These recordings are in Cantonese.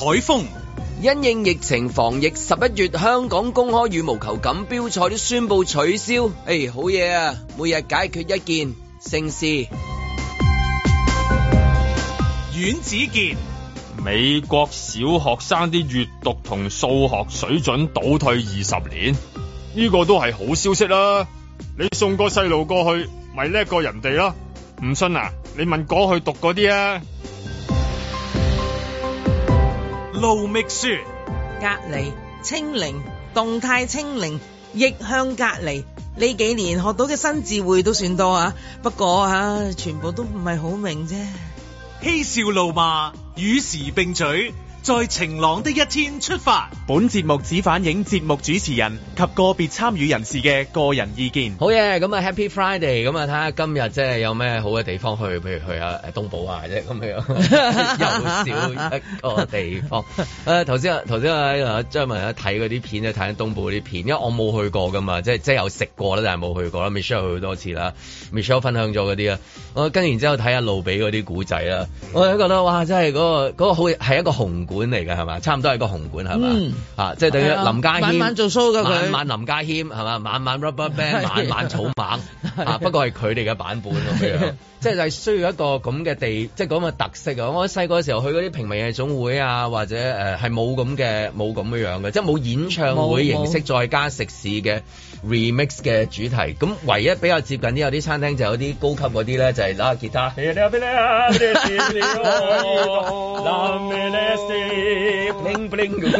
海風，因應疫情防疫，十一月香港公開羽毛球錦標賽都宣布取消。誒、哎，好嘢啊，每日解決一件盛事。阮子健，美國小學生啲閱讀同數學水準倒退二十年，呢、這個都係好消息啦。你送個細路過去，咪叻過人哋咯。唔信啊，你問過去讀嗰啲啊。路覓雪，隔離清零，動態清零，逆向隔離。呢幾年學到嘅新智慧都算多啊，不過吓、啊、全部都唔係好明啫。嬉笑怒罵，與時並舉。在晴朗的一天出發。本節目只反映節目主持人及個別參與人士嘅個人意見好。好嘢，咁啊 Happy Friday，咁啊睇下今日即係有咩好嘅地方去，譬如去下、啊、東部啊，即係咁樣又 少一個地方。誒頭先頭先阿張文睇嗰啲片咧，睇緊東部嗰啲片，因為我冇去過㗎嘛，即係即係有食過啦，但係冇去過啦。Michelle 去好多次啦，Michelle 分享咗嗰啲啊，我跟完之後睇下路比嗰啲古仔啦，我覺得哇，真係嗰、嗰個嗰、嗰個好係一個紅管嚟嘅係嘛，差唔多係個紅館係嘛，嚇，即係等於林家謙。晚、啊、晚做 show 㗎佢。晚晚林家謙係嘛，晚晚 Rubber Band，晚晚、啊、草蜢，嚇、啊啊啊，不過係佢哋嘅版本咁樣，即係、啊啊啊啊啊啊啊就係、需要一個咁嘅地，即係咁嘅特色啊！我喺細個嘅時候去嗰啲平民夜總會啊，或者誒係冇咁嘅，冇咁嘅樣嘅，即係冇演唱會形式再加食肆嘅。Remix 嘅主題，咁唯一比較接近啲有啲餐廳就有啲高級嗰啲咧，就係攞下吉他。 你有咁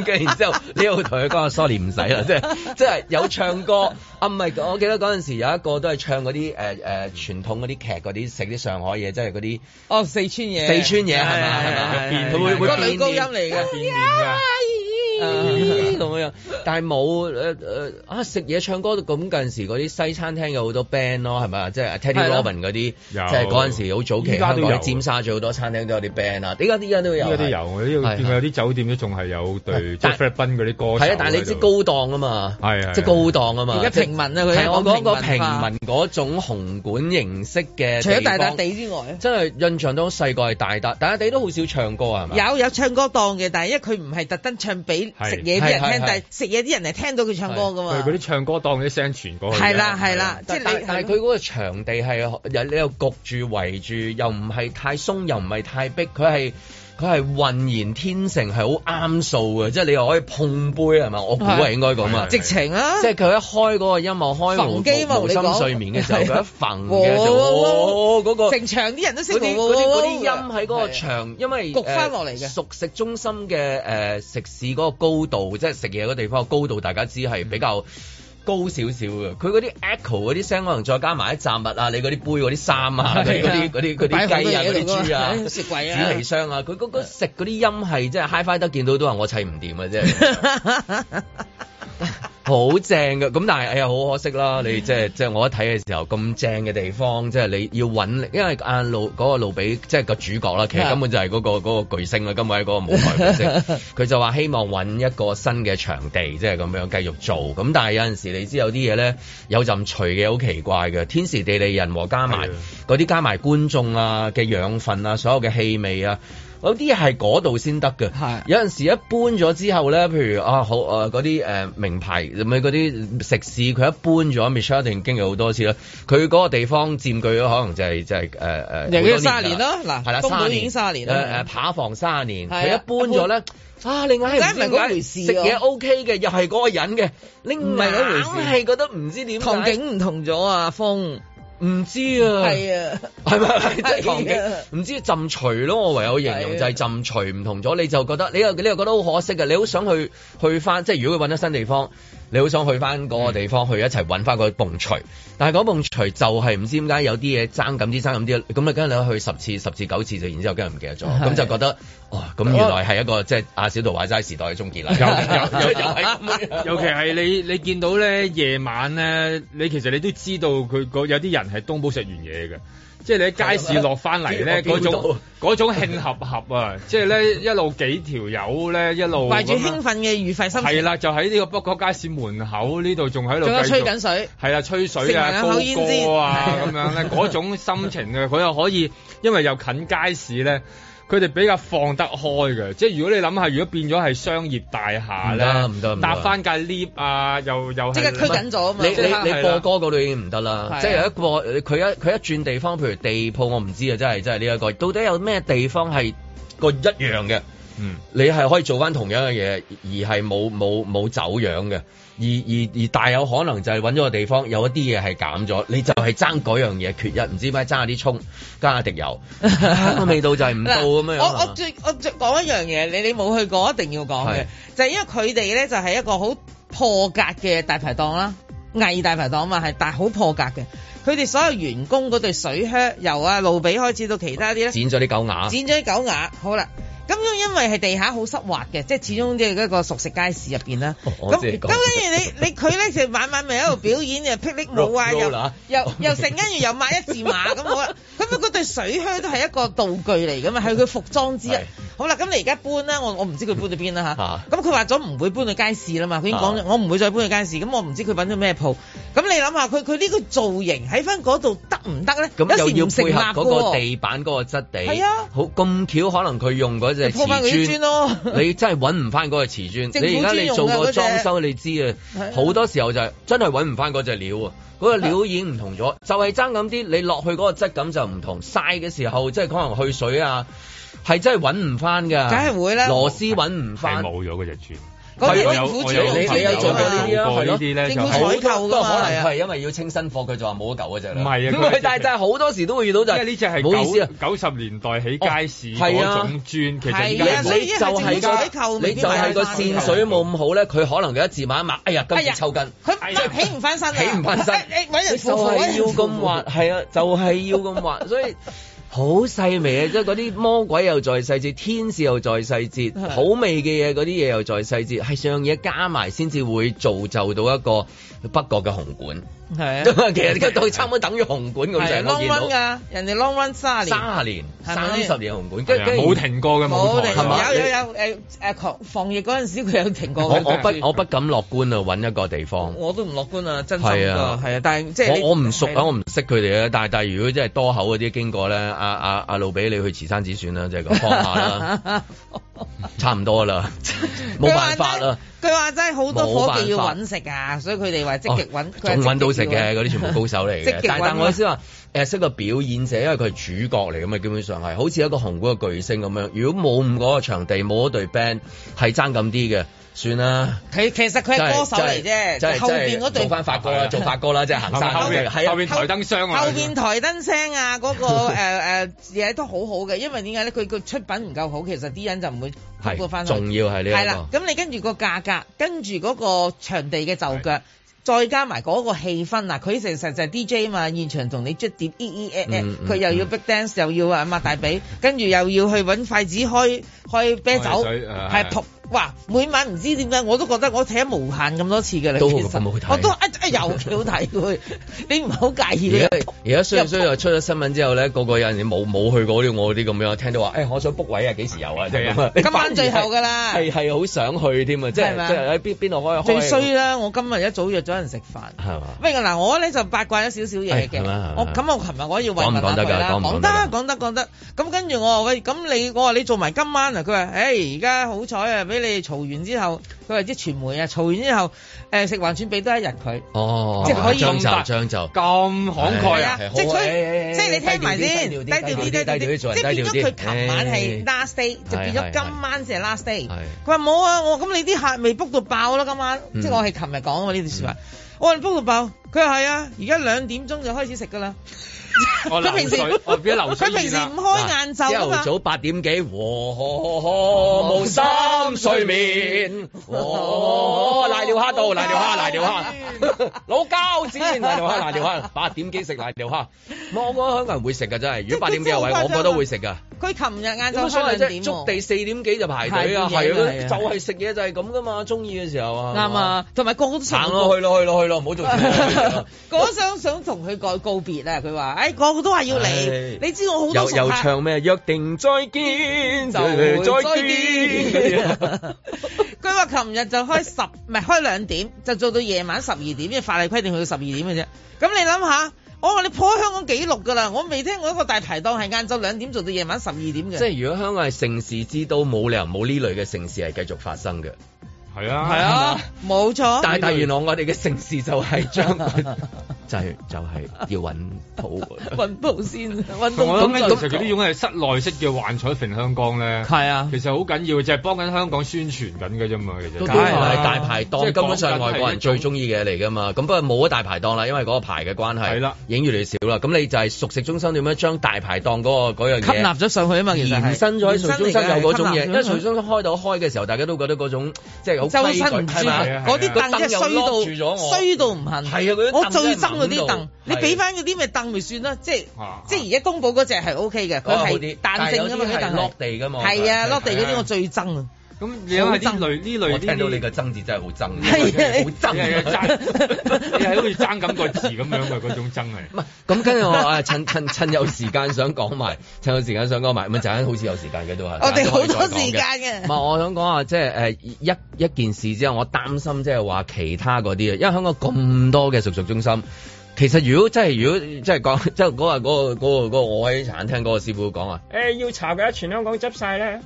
跟然之後你要同佢講下 sorry，唔使啦，即係即係有唱歌。啊，唔係，我記得嗰陣時有一個都係唱啲誒誒傳統啲劇啲，食啲上海嘢，即係啲哦四川嘢。四川嘢係嘛係嘛？佢會會高音嚟嘅， 但是啊，同但係冇誒誒啊食嘢唱歌咁近時嗰啲西餐廳有好多 band 咯，係咪？即係 Teddy Robin 嗰啲，即係嗰陣時好早期。依家都有。尖沙咀好多餐廳都有啲 band 啦，依家啲人都有。依家都有，我依個見有啲酒店都仲係有對即 Teddy Robin 嗰啲歌。係，但係你知高檔啊嘛，係即係高檔啊嘛。而家平民啊，佢係我講個平民嗰種紅館形式嘅，除咗大笪地之外，真係印象好細個係大笪大笪地都好少唱歌係咪？有有唱歌檔嘅，但係因為佢唔係特登唱俾。食嘢啲人聽，但係食嘢啲人係聽到佢唱歌噶嘛、啊，佢啲唱歌檔啲聲傳過去。係啦，係啦，即係你。但係佢嗰個場地係有你又焗住圍住，又唔係太鬆，又唔係太逼，佢係。佢係渾然天成，係好啱數嘅，即係你又可以碰杯係嘛？我估係應該咁啊！直情啊！即係佢一開嗰個音樂開機冇心睡眠嘅時候，佢一瞓嘅就哦嗰、哦嗰個成場啲人都識啲嗰啲嗰啲音喺嗰個場，因為焗翻落嚟嘅熟食中心嘅、呃、食肆嗰個高度，即係食嘢嗰地方個高度，大家知係比較。嗯高少少嘅，佢嗰啲 echo 嗰啲聲，可能再加埋一雜物啊，你嗰啲杯、嗰啲衫啊，嗰啲嗰啲嗰啲雞啊、嗰啲豬啊、食櫃啊、紙皮箱啊，佢嗰個食嗰啲音係真係 hi-fi 得，見到都話我砌唔掂嘅啫。真好 正嘅，咁但係哎呀好可惜啦！你即係 即係我一睇嘅時候咁正嘅地方，即係你要搵，因為阿、啊、路嗰、那個路比即係個主角啦，其實根本就係嗰、那個嗰、那個巨星啦，根本係嗰個舞台巨星。佢 就話希望搵一個新嘅場地，即係咁樣繼續做。咁但係有，有，有陣時你知有啲嘢咧有陣除嘅好奇怪嘅，天時地利人和加埋嗰啲加埋觀眾啊嘅養分啊，所有嘅氣味啊。有啲係嗰度先得嘅，有陣時一搬咗之後咧，譬如啊好誒嗰啲誒名牌咪嗰啲食肆，佢一搬咗 Michelin 一定經歷好多次啦。佢嗰個地方佔據咗，可能就係、係、就係誒誒，營業卅年咯，嗱，係啦，東莞已經卅年，誒誒扒房卅年，佢一搬咗咧，啊，另外係唔知食嘢、啊、OK 嘅，又係嗰個人嘅，你唔係嗰回事，硬係覺得唔知點，環境唔同咗啊，阿鋒。唔知啊，係啊係，係啊，係啊，係咪即係唔知浸除咯，我唯有形容、啊、就係浸除唔同咗，你就覺得你又你又覺得好可惜嘅。你好想去去翻，即係如果佢揾咗新地方。你好想去翻嗰個地方，嗯、去一齊揾翻個蹦馳，但係嗰蹦馳就係唔知點解有啲嘢爭咁啲爭咁啲，咁你跟住你去十次十次九次就然之後跟住唔記得咗。咁就覺得哇，咁、哦、原來係一個、嗯、即係阿小道話齋時代嘅終結啦。 尤其係你你見到咧夜晚咧，你其實你都知道佢有啲人係東坡食完嘢嘅。即係你喺街市落翻嚟咧，嗰種嗰種慶合合啊！即係咧一路幾條友咧一路懷住興奮嘅愉快心情係啦，就喺呢個北角街市門口呢度仲喺度吹緊水係啦，吹水啊，煙高歌啊咁樣咧，嗰、啊啊、種心情啊，佢 又可以因為又近街市咧。佢哋比較放得開嘅，即係如果你諗下，如果變咗係商業大廈啦，唔得搭翻架 lift 啊，又又即刻拘緊咗啊嘛！你你你過歌嗰度已經唔得啦，即係有一個佢一佢一轉地方，譬如地鋪，我唔知啊，真係真係呢一個，到底有咩地方係個一樣嘅？嗯，你係可以做翻同樣嘅嘢，而係冇冇冇走樣嘅。而而而大有可能就係揾咗個地方，有一啲嘢係減咗，你就係爭嗰樣嘢缺一，唔知咩爭下啲蔥，加下滴油， 味道就係唔到咁樣。我我最我最講一樣嘢，你你冇去過，一定要講嘅，就係、是、因為佢哋咧就係、是、一個好破格嘅大排檔啦，偽大排檔嘛，係但係好破格嘅。佢哋所有員工嗰對水靴，由阿路比開始到其他啲咧，剪咗啲狗牙，剪咗啲狗牙，好啦。咁因因為係地下好濕滑嘅，即係始終即係嗰個熟食街市入邊啦。咁咁跟住你你佢咧就晚晚咪喺度表演， 又霹靂舞啊，又又又成跟住又買一字馬咁啊！咁佢嗰對水靴都係一個道具嚟噶嘛，係佢服裝之一。好啦，咁你而家搬啦，我我唔知佢搬到邊啦吓，咁佢話咗唔會搬去街市啦嘛，佢已經講咗、啊，我唔會再搬去街市。咁我唔知佢揾咗咩鋪。咁你諗下，佢佢呢個造型喺翻嗰度得唔得咧？嗯、又要配合嗰個地板嗰個質地。係啊，好咁巧，可能佢用嗰隻瓷磚咯。你真係揾唔翻嗰隻瓷磚。瓷磚 你而家你，你做過裝修，你知啊，好多時候就真係揾唔翻嗰隻料啊。嗰、嗰個、料已經唔同咗，就係爭咁啲，你落去嗰個質感就唔同。曬嘅時候，即係可能去水啊。係真係揾唔翻噶，梗係會啦。螺絲揾唔翻，冇咗嗰隻磚。嗰啲有，府你有做過呢啲啊，啊？政府採購嘅嘛，可能係因為要清新貨，佢就話冇得舊隻。唔係啊，唔係，但係就係好多時都會遇到，就係呢隻係九九十年代起街市嗰、哦啊、種磚，其實你你就係個線水冇咁好咧，佢可能佢一字馬一馬，哎呀，今日抽筋，佢、哎、起唔翻身、哎、身，起唔翻身，你就係要咁滑，係啊、嗯，就係、是、要咁滑，所以。好細微啊！即係嗰啲魔鬼又再細節，天使又再細節，好味嘅嘢嗰啲嘢又再細節，係上嘢加埋先至會造就到一個北角嘅紅館。係，啊， 其實都到差唔多等於紅館咁樣 long run 噶，人哋 long run 卅年，卅年，三十年紅館，跟跟冇停過嘅嘛，係有有有，誒誒，防防疫嗰陣時佢有停過，我不我不敢樂觀啊，搵一個地方，我,我都唔樂觀啊，真心係啊,啊，但係即係我我唔熟啊，我唔識佢哋啊，但係但係如果真係多口嗰啲經過咧，阿阿阿路畀你去慈山寺算啦，即係咁，放下啦， 差唔多啦，冇 辦法啦。佢話真係好多夥計要揾食啊，所以佢哋話積極揾，仲搵到食嘅嗰啲全部高手嚟嘅。 但係 我意思話誒識個表演者，因為佢係主角嚟㗎嘛，基本上係好似一個紅館嘅巨星咁樣。如果冇咁嗰個場地，冇嗰隊 band 係爭咁啲嘅。算啦，佢其實佢係歌手嚟啫，就係後面嗰對做翻發哥啦，做發哥啦，即係 行山。後面。台燈聲啊，後邊台燈聲啊，嗰個誒誒嘢都好好嘅，因為點解咧？佢個出品唔夠好，其實啲人就唔會過過翻。重要係呢一個。係啦，咁你跟住個價格，跟住嗰個場地嘅就腳，再加埋嗰個氣氛啊！佢成實就係 DJ 嘛，現場同你捽碟，佢、嗯、又要 big dance，、嗯、又要啊抹大髀，跟住又要去搵筷子開開啤酒，係撲。哇！每晚唔知點解我都覺得我睇得無限咁多次嘅啦，其實我都尤其、哎哎、又幾好睇佢， 你唔好介意咧？而家衰衰又出咗新聞之後咧，個個有人冇冇去過啲我啲咁樣，聽到話誒、欸，我想 book 位是是是是是是想是是啊，幾時有啊？今晚最後噶啦，係係好想去添啊！即係即喺邊度可以開？是是最衰啦！我今日一早約咗人食飯，係嘛？喂嗱，呃、我咧就八卦咗少少嘢嘅，我咁我琴日我要問問啦，講得講得講得，咁跟住我喂，咁你我話你做埋今晚啊？佢話誒，而家好彩啊，俾。你哋嘈完之後，佢話啲傳媒啊！嘈完之後，誒食環署俾多一日佢。哦，即係可以將就將就，咁慷慨啊！即係即係你聽埋先，低調啲，低調啲，即係變咗佢琴晚係 last day，就變咗今晚先係 last day。佢話冇啊，我咁你啲客未 book 到爆咯今晚，即係我係琴日講啊嘛呢段説話。我話你 book 到爆？佢話係啊，而家兩點鐘就開始食噶啦。我水平時佢 平時唔開晏晝，朝頭早八點幾和和冇心睡眠，哦瀨尿蝦到瀨尿蝦瀨尿蝦，老膠子瀨尿蝦瀨尿蝦，八 點幾食瀨尿蝦，我我香港人會食噶真係，如果八點幾有位，我我都會食噶。佢琴日晏晝開兩點喎，築地四點幾就排隊，排隊啊，係咯，就係食嘢就係咁噶嘛，中意嘅時候啊，啱啊，同埋個個都個行過去咯，去咯，去咯，唔好 做嗰張相 想同佢告告別啊！佢話：誒、哎、個個都話要嚟、哎，你知我好多又又唱咩約定再見，就再見。佢話：琴 日 就開十，唔係開兩點，就做到夜晚十二點，因為法例規定去到十二點嘅啫。咁你諗下？我、哦、話你破香港紀錄噶啦，我未聽過一個大排檔係晏晝兩點做到夜晚十二點嘅。即係如果香港係城市之都，冇理由冇呢類嘅城市係繼續發生嘅。係啊，係啊，冇錯。但係大元朗我哋嘅城市就係將。 就就是、係要揾鋪，揾鋪先。咁、嗯嗯、其實呢種係室內式嘅幻彩詠香江咧。啊，其實好緊要，就係、是、幫緊香港宣傳緊嘅啫嘛。其實係大排檔，根本上外國人最中意嘅嘢嚟噶嘛。咁不過冇咗大排檔啦，因為嗰個牌嘅關係。係啦，影越嚟越少啦。咁、啊、你就係熟食中心點樣將大排檔嗰個嗰樣嘢吸納咗上去啊嘛？延伸咗喺熟食中心有嗰種嘢，因為熟食中心開到開嘅時候，大家都覺得嗰種即係好。周身嗰啲凳衰到衰到唔行。啊，那個嗰啲凳，你俾翻嗰啲咩凳咪算咯，啊，即係即係而家東寶嗰隻係 O K 嘅，佢係彈性噶嘛啲凳，落地噶嘛，係啊，落地嗰啲我最憎啊！咁你有係啲類呢類，我聽到你嘅爭字真係好爭，係好爭，係爭，你係好似爭咁個字咁樣嘅嗰 種爭係。唔係，咁跟住我啊，趁趁趁有時間想講埋，趁有時間想講埋，咁陣間好似有時間嘅都係，我哋好多時間嘅。唔係，我想講啊，即係誒一一件事之後，我擔心即係話其他嗰啲啊，因為香港咁多嘅熟熟中心，其實如果真係如果真係講即係嗰個嗰個嗰個嗰個，我喺陣間聽嗰個師傅講啊，誒要查嘅，全香港執晒咧。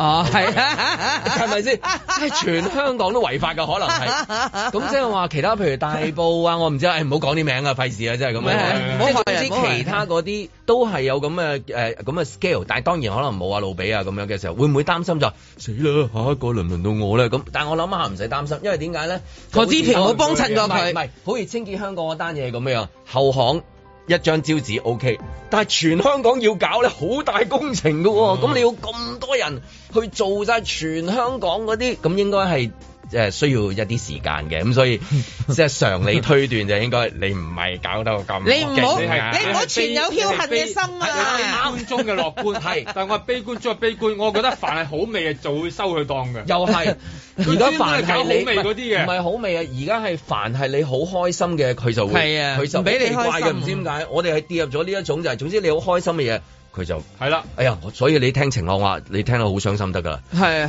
哦、是啊，係啊，係咪先？係全香港都違法嘅，可能係。咁即係話其他譬如大埔啊，我唔知，誒唔好講啲名啊，費事啊，真係咁樣。唔好、啊、害，害其他嗰啲都係有咁嘅誒咁嘅 scale，但係當然可能冇阿路比啊咁樣嘅時候，會唔會擔心就、啊、死啦？下一個能輪，輪到我咧咁。但係我諗下唔使擔心，因為點解咧？我之前我幫襯過佢，唔係，好似清潔香港嗰單嘢咁樣。後巷。一張招紙 O K，但係全香港要搞咧，好大工程噶喎，咁、嗯、你要咁多人去做曬全香港嗰啲，咁應該係。即係需要一啲時間嘅，咁所以即係常理推斷就應該你唔係搞到咁。你唔好，你我存有僥倖嘅心啊！你觀眾嘅樂觀係，但係我係悲觀，中嘅悲觀，我覺得凡係好味嘅就會收佢當嘅。又係，如果凡係你唔係好味啊，而家係凡係你好開心嘅，佢就會佢就唔俾你怪嘅。唔知點解，我哋係跌入咗呢一種就係，總之你好開心嘅嘢。佢就係啦，哎呀，所以你聽情況話，你聽到好傷心得㗎啦。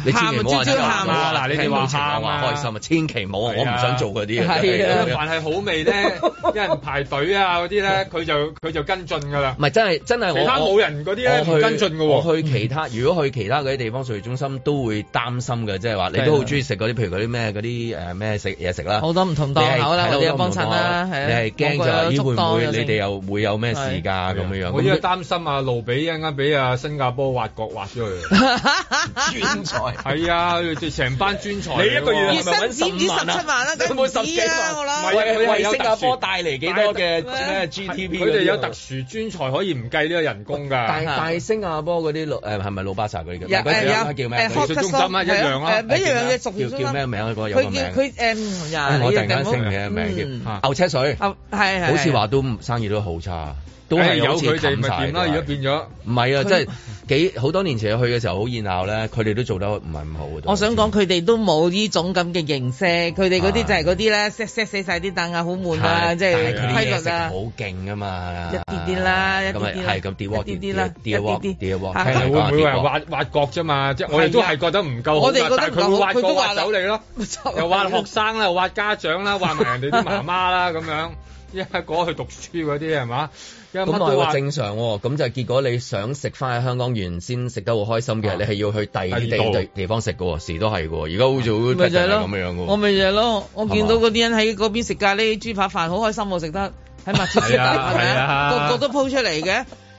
你千祈唔好話，千祈唔好聽冇情況話開心，千祈唔好，我唔想做嗰啲嘢。係，凡係好味咧，有人排隊啊嗰啲咧，佢就佢就跟進㗎啦。唔係真係真係，其他冇人嗰啲跟進㗎喎。我去其他，嗯、如果去其他嗰啲地方，商業中心都會擔心㗎，即係話你都好中意食嗰啲，譬如嗰啲咩嗰啲咩食嘢食啦。好多唔同檔口咧，有幫襯啦，你係驚就會唔會你哋又會有咩事㗎？咁樣我擔心啊路。俾一間俾啊新加坡挖角挖咗去， 專才係啊，成 班專才。你一個月係咪揾十萬啊？幾幾萬，有冇十幾萬？唔係佢為新加坡帶嚟幾多嘅咩 GTP？佢哋有特殊專才可以唔計呢個人工㗎。但係新加坡嗰啲老誒，係咪老巴薩嗰啲㗎？誒誒叫咩？藝術中心啊，叫什麼叫叫什麼名字一樣、嗯嗯、啊，一樣嘅叫咩名啊？嗰有個名。佢叫佢誒，我突然間醒起個名叫牛車水，好似話都生意都好差。都係由佢哋咪掂啦，而家變咗。唔係啊，即係幾好多年前去嘅時候好熱鬧咧，佢哋都做得唔係唔好。我想講佢哋都冇呢種咁嘅形式，佢哋嗰啲就係嗰啲咧，set set 死曬啲凳啊，好悶啊，即係規律啊。好勁啊嘛！一啲啲啦，一啲啲啦，一啲啲啦，一啲啲啦，會唔會話挖挖角啫嘛？即係我哋都係覺得唔夠好，但係佢會挖角挖走你咯，又挖學生啦，又挖家長啦，挖埋人哋啲媽媽啦咁樣。一係過去讀書嗰啲係嘛？咁我係個正常喎，咁就結果你想食翻喺香港原先食得好開心嘅、啊，你係要去第二地地方食喎。時都係喎。而家好早都係咁樣喎。我咪就係咯，我見到嗰啲人喺嗰邊食咖喱豬扒飯，好開心喎，食得喺麥當勞，係啊，個個、啊、 都鋪出嚟嘅。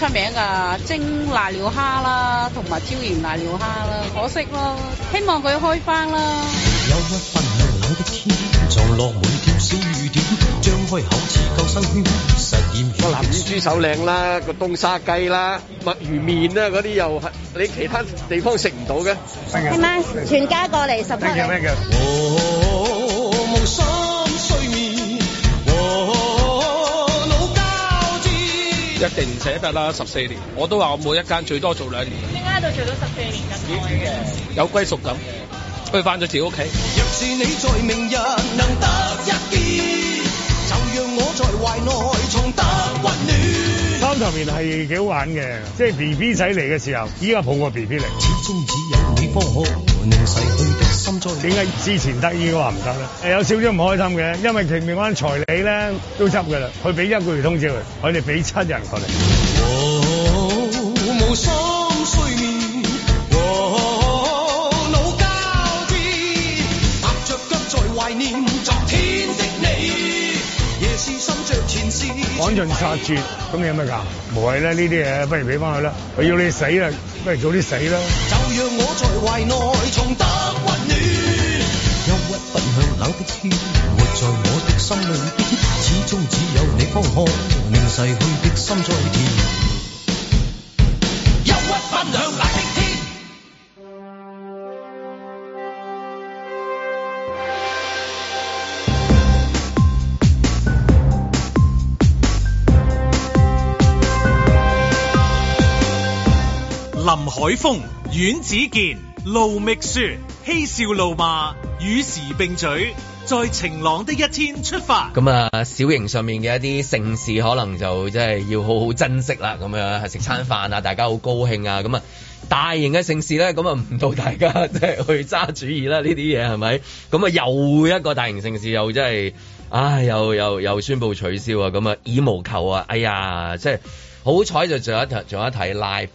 出名噶蒸瀨尿蝦啦，同埋椒鹽瀨尿蝦啦，可惜咯，希望佢開翻啦。個南乳豬手靚啦，個冬沙雞啦，墨魚麵啦嗰啲又係，你其他地方食唔到嘅。係咩？全家過嚟十。一定唔捨得啦，十四年，我都話我每一間最多做兩年。點解喺度做咗十四年㗎？點解嘅？有歸屬感，佢翻咗自己屋企。若是你在明日能得一見，就讓我在懷內重得温暖。三頭面係幾好玩嘅，即係 B B 仔嚟嘅時候，依家抱個 B B 嚟，始終只有你方可。寶寶點解之前得意嘅話唔得咧？誒有少少唔開心嘅，因為前面嗰間財利咧都執㗎啦，佢俾一個月通知佢，我哋俾七日人佢。哦，無心睡眠，哦，腦交戰，踏着腳在懷念昨天的你，夜是滲着前事。趕盡殺絕，咁你有咩㗎？無謂啦，呢啲嘢，不如俾翻佢啦，我要你死啊！不如早啲死啦！就讓我在懷內重得溫暖，憂鬱奔向冷的天，活在我的心裏邊，始終只有你方可令逝去的心再甜。林海峰、阮子健、盧覓雪嬉笑怒罵與時並舉，在晴朗的一天出發。咁啊，小型上面嘅一啲盛事，可能就真係要好好珍惜啦。咁啊食餐飯啊，大家好高興啊。咁啊，大型嘅盛事咧，咁啊唔到大家即係去揸主意啦。呢啲嘢係咪？咁啊，又一個大型盛事又真係，唉，又又又宣布取消啊！咁啊，羽毛球啊，哎呀，即係好彩就仲有一仲有一睇 live。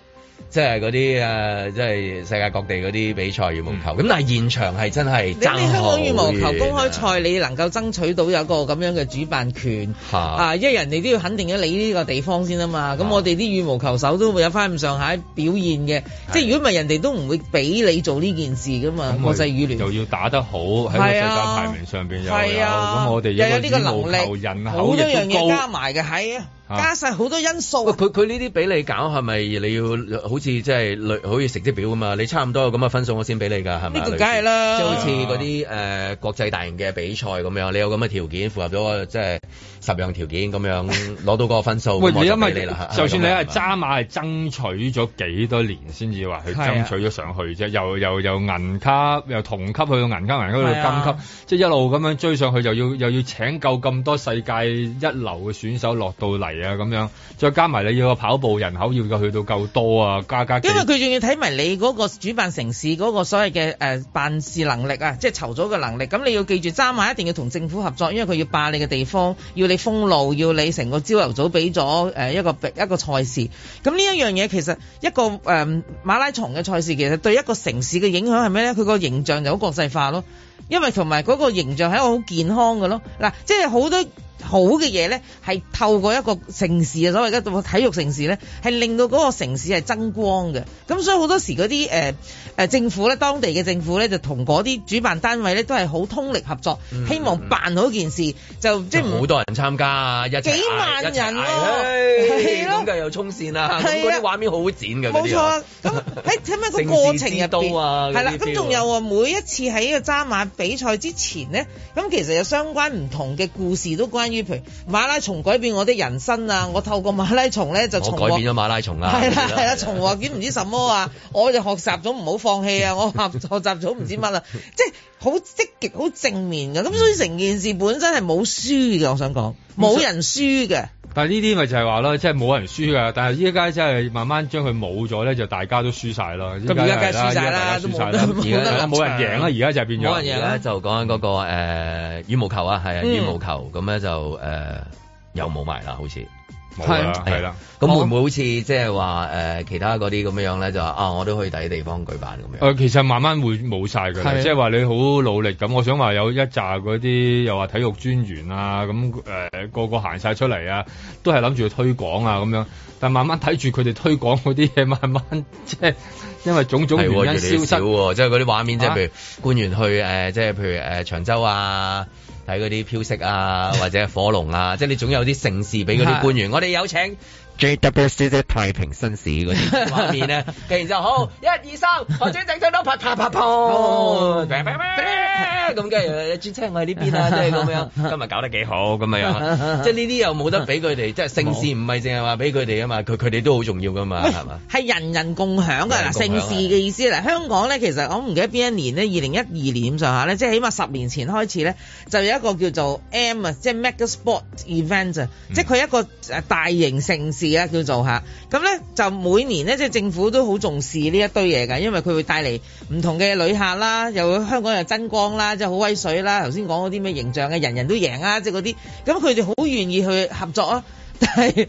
即係嗰啲啊，即係世界各地嗰啲比賽羽毛球。咁、嗯、但係現場係真係爭。你香港羽毛球公開賽，啊、你能夠爭取到有個咁樣嘅主辦權，啊，啊因為人哋都要肯定咗你呢個地方先啊嘛。咁、啊、我哋啲羽毛球手都會有翻咁上下表現嘅、啊。即係如果唔係，人哋都唔會俾你做呢件事噶嘛。國際羽聯就要打得好喺、啊、個世界排名上邊又有。咁我哋呢個能力，人口亦都高，好多樣嘢、啊、加埋嘅加晒好多因素、啊。佢佢呢啲俾你搞係咪？是是你要好似即係類好似成績表咁啊？你差唔多有咁嘅分數，我先俾你㗎，係咪？呢、這個梗係啦。即係好似嗰啲誒國際大型嘅比賽咁樣，你有咁嘅條件符合咗，即係。十樣條件咁樣攞到嗰個分數， 喂，你因為就算你係揸馬係爭取咗幾多年先至話去爭取咗上去啫、啊，又又又銀級，又同級去到銀級，銀級去到金級，啊、即係一路咁樣追上去，又要又要請夠咁多世界一流嘅選手落到嚟啊咁樣，再加埋你要個跑步人口要個去到夠多啊，加加。因為佢仲要睇埋你嗰個主辦城市嗰個所謂嘅誒辦事能力啊，即係籌組嘅能力。咁你要記住揸馬一定要同政府合作，因為佢要霸你嘅地方，要你。封路要你成個朝頭早俾咗誒、一個一個賽事，咁呢一樣嘢其實一個誒、嗯、馬拉松嘅賽事，其實對一個城市嘅影響係咩咧？佢個形象就好國際化咯。因為同埋嗰個形象係一個好健康嘅咯，嗱，即係好多好嘅嘢咧，係透過一個城市嘅所謂嘅一個體育城市咧，係令到嗰個城市係爭光嘅。咁所以好多時嗰啲誒政府咧，當地嘅政府咧，就同嗰啲主辦單位咧，都係好通力合作，嗯、希望辦好件事、嗯、就即係。好多人參加啊！幾萬人咯，咁梗係又衝線係啊，啲畫、哎、面好好剪嘅。冇錯，咁喺喺咩個過程入啊。係啦。咁仲有啊，每一次喺個揸馬。比賽之前咧，咁其實有相關唔同嘅故事，都關於，譬如馬拉松改變我的人生啊，我透過馬拉松咧就我，我改變咗馬拉松啦，係啦，係啦，從何健唔知什麼啊， 我就學習咗唔好放棄啊，我學學習咗唔知乜啊，即係好積極好正面嘅，咁所以成件事本身係冇輸嘅，我想講。冇人輸嘅，但係呢啲咪就係話咯，即係冇人輸㗎。但係依家真係慢慢將佢冇咗咧，就大家都輸晒咯，而家梗係啦，依家都輸晒，啦，冇人贏啦，而家就變咗，依家就講緊嗰個誒羽毛球啊，係、啊、羽毛球，咁咧、嗯、就誒、呃、又冇埋啦，好似。係啦，係啦，咁、嗯、會唔會好似、哦、即係話誒其他嗰啲咁樣呢？咧，就話啊我都可以去地方舉辦咁樣？誒、呃，其實慢慢會冇晒噶，即係話你好努力咁，我想話有一紮嗰啲又話體育專員啊，咁、嗯、誒、嗯呃、個個行晒出嚟啊，都係諗住去推廣啊咁、嗯、樣，但慢慢睇住佢哋推廣嗰啲嘢，慢慢即係因為種種原因消失。越越啊、即係嗰啲畫面，即係譬如官員去誒、呃，即係譬如誒、呃、長洲啊。睇嗰啲飄色啊，或者火龍啊， 即係你總有啲盛事俾嗰啲官員。 我哋有請。JW 小姐太平紳士嗰啲畫面咧、啊，既然就好，一二三，我轉正轉都啪啪啪砰，咁梗係轉車我呢邊啊，即係咁樣，今日搞得幾好咁啊樣，即係呢啲又冇得俾佢哋，即係盛事唔係淨係話俾佢哋啊嘛，佢佢哋都好重要噶嘛，係嘛？係人人共享噶，嗱，盛事嘅意思嗱，香港咧，其實我唔記得邊一年呢，二零一二年咁上下咧，即係起碼十年前開始咧，就有一個叫做 M 啊，即係 Mega Sport Event 啊，即係佢一個誒大型盛事。.而家叫做吓，咁咧就每年咧，即係政府都好重視呢一堆嘢噶，因為佢會帶嚟唔同嘅旅客啦，又香港又爭光啦，即係好威水啦。頭先講嗰啲咩形象嘅，人人都贏啊，即係嗰啲，咁佢哋好願意去合作啊。但係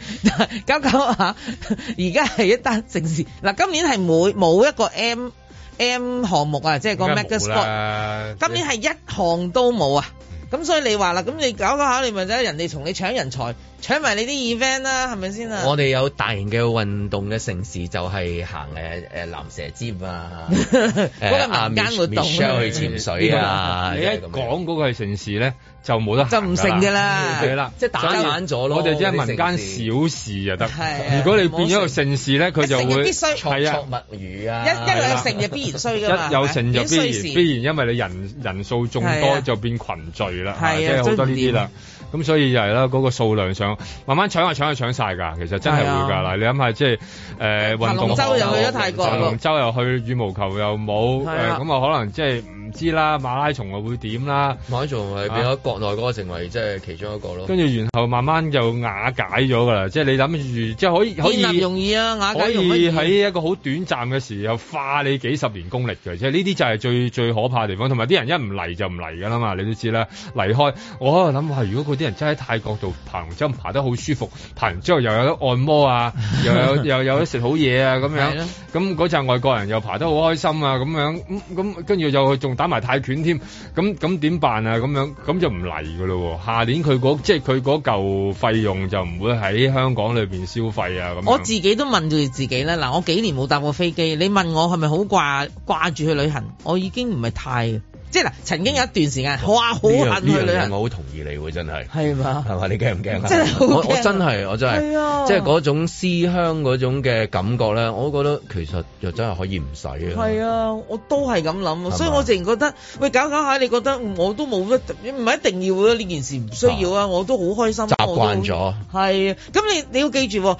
搞搞吓，而家係一單盛事嗱，今年係每冇一個 M M 項目啊，即係個 mega sport，今年係一項都冇啊。咁所以你話啦，咁你搞搞下，你咪就係人哋同你搶人才。請埋你啲 event 啦，係咪先啊？我哋有大型嘅運動嘅城市就係、是、行誒誒蚺蛇尖啊，嗰 個、呃、民間活動 Mich 去潛水啊！你一講嗰個係城市咧，就冇得。就唔成㗎啦，啦，即係大咗咯。我哋即係民間小事就得、啊。如果你變咗個城市咧，佢、啊、就會。必衰，係啊。物語啊！一一有成嘢必然衰㗎，一有成就必然必然，因為你人人數眾多就變群聚啦，即係好多呢啲啦。咁所以就係啦，嗰個數量上慢慢搶係、啊、搶係、啊、搶晒、啊、㗎，其實真係會㗎嗱、啊，你諗下即係誒運動，周、呃、又去咗泰國，龍舟又去羽毛球又冇，咁啊、呃、可能即係唔知啦，馬拉松又會點啦？馬拉松係變咗國內嗰個、啊、成為即係其中一個咯。跟、嗯、住然後慢慢就瓦解咗㗎啦，即係你諗住即係可以可以容易啊，瓦解易可以喺一個好短暫嘅時候化你幾十年功力嘅，即係呢啲就係最最可怕嘅地方。同埋啲人一唔嚟就唔嚟㗎啦嘛，你都知啦，離開我諗話如果佢啲人真喺泰國度爬完之後爬得好舒服，爬完之後又有得按摩啊，又有 又有，有得食好嘢啊咁樣，咁嗰隻外國人又爬得好開心啊咁樣，咁跟住又去仲打埋泰拳添，咁咁點辦啊咁樣？咁就唔嚟噶咯喎，下年佢嗰即係佢嗰嚿費用就唔會喺香港裏邊消費啊咁。我自己都問住自己啦，嗱，我幾年冇搭過飛機，你問我係咪好掛掛住去旅行，我已經唔係太。即係嗱，曾經有一段時間，嗯、哇，好恨你啊！呢、這、樣、個這個、我好同意你喎，真係。係嘛？係嘛？你驚唔驚啊？真係好驚。我我真係，我真係、啊，即係嗰種思鄉嗰種嘅感覺咧，我都覺得其實又真係可以唔使嘅。係啊，我都係咁諗，所以我自然覺得，喂，搞搞下，你覺得我都冇乜，唔係一定要咯，呢件事唔需要啊，我都好開心。習慣咗。係啊，咁你你要記住，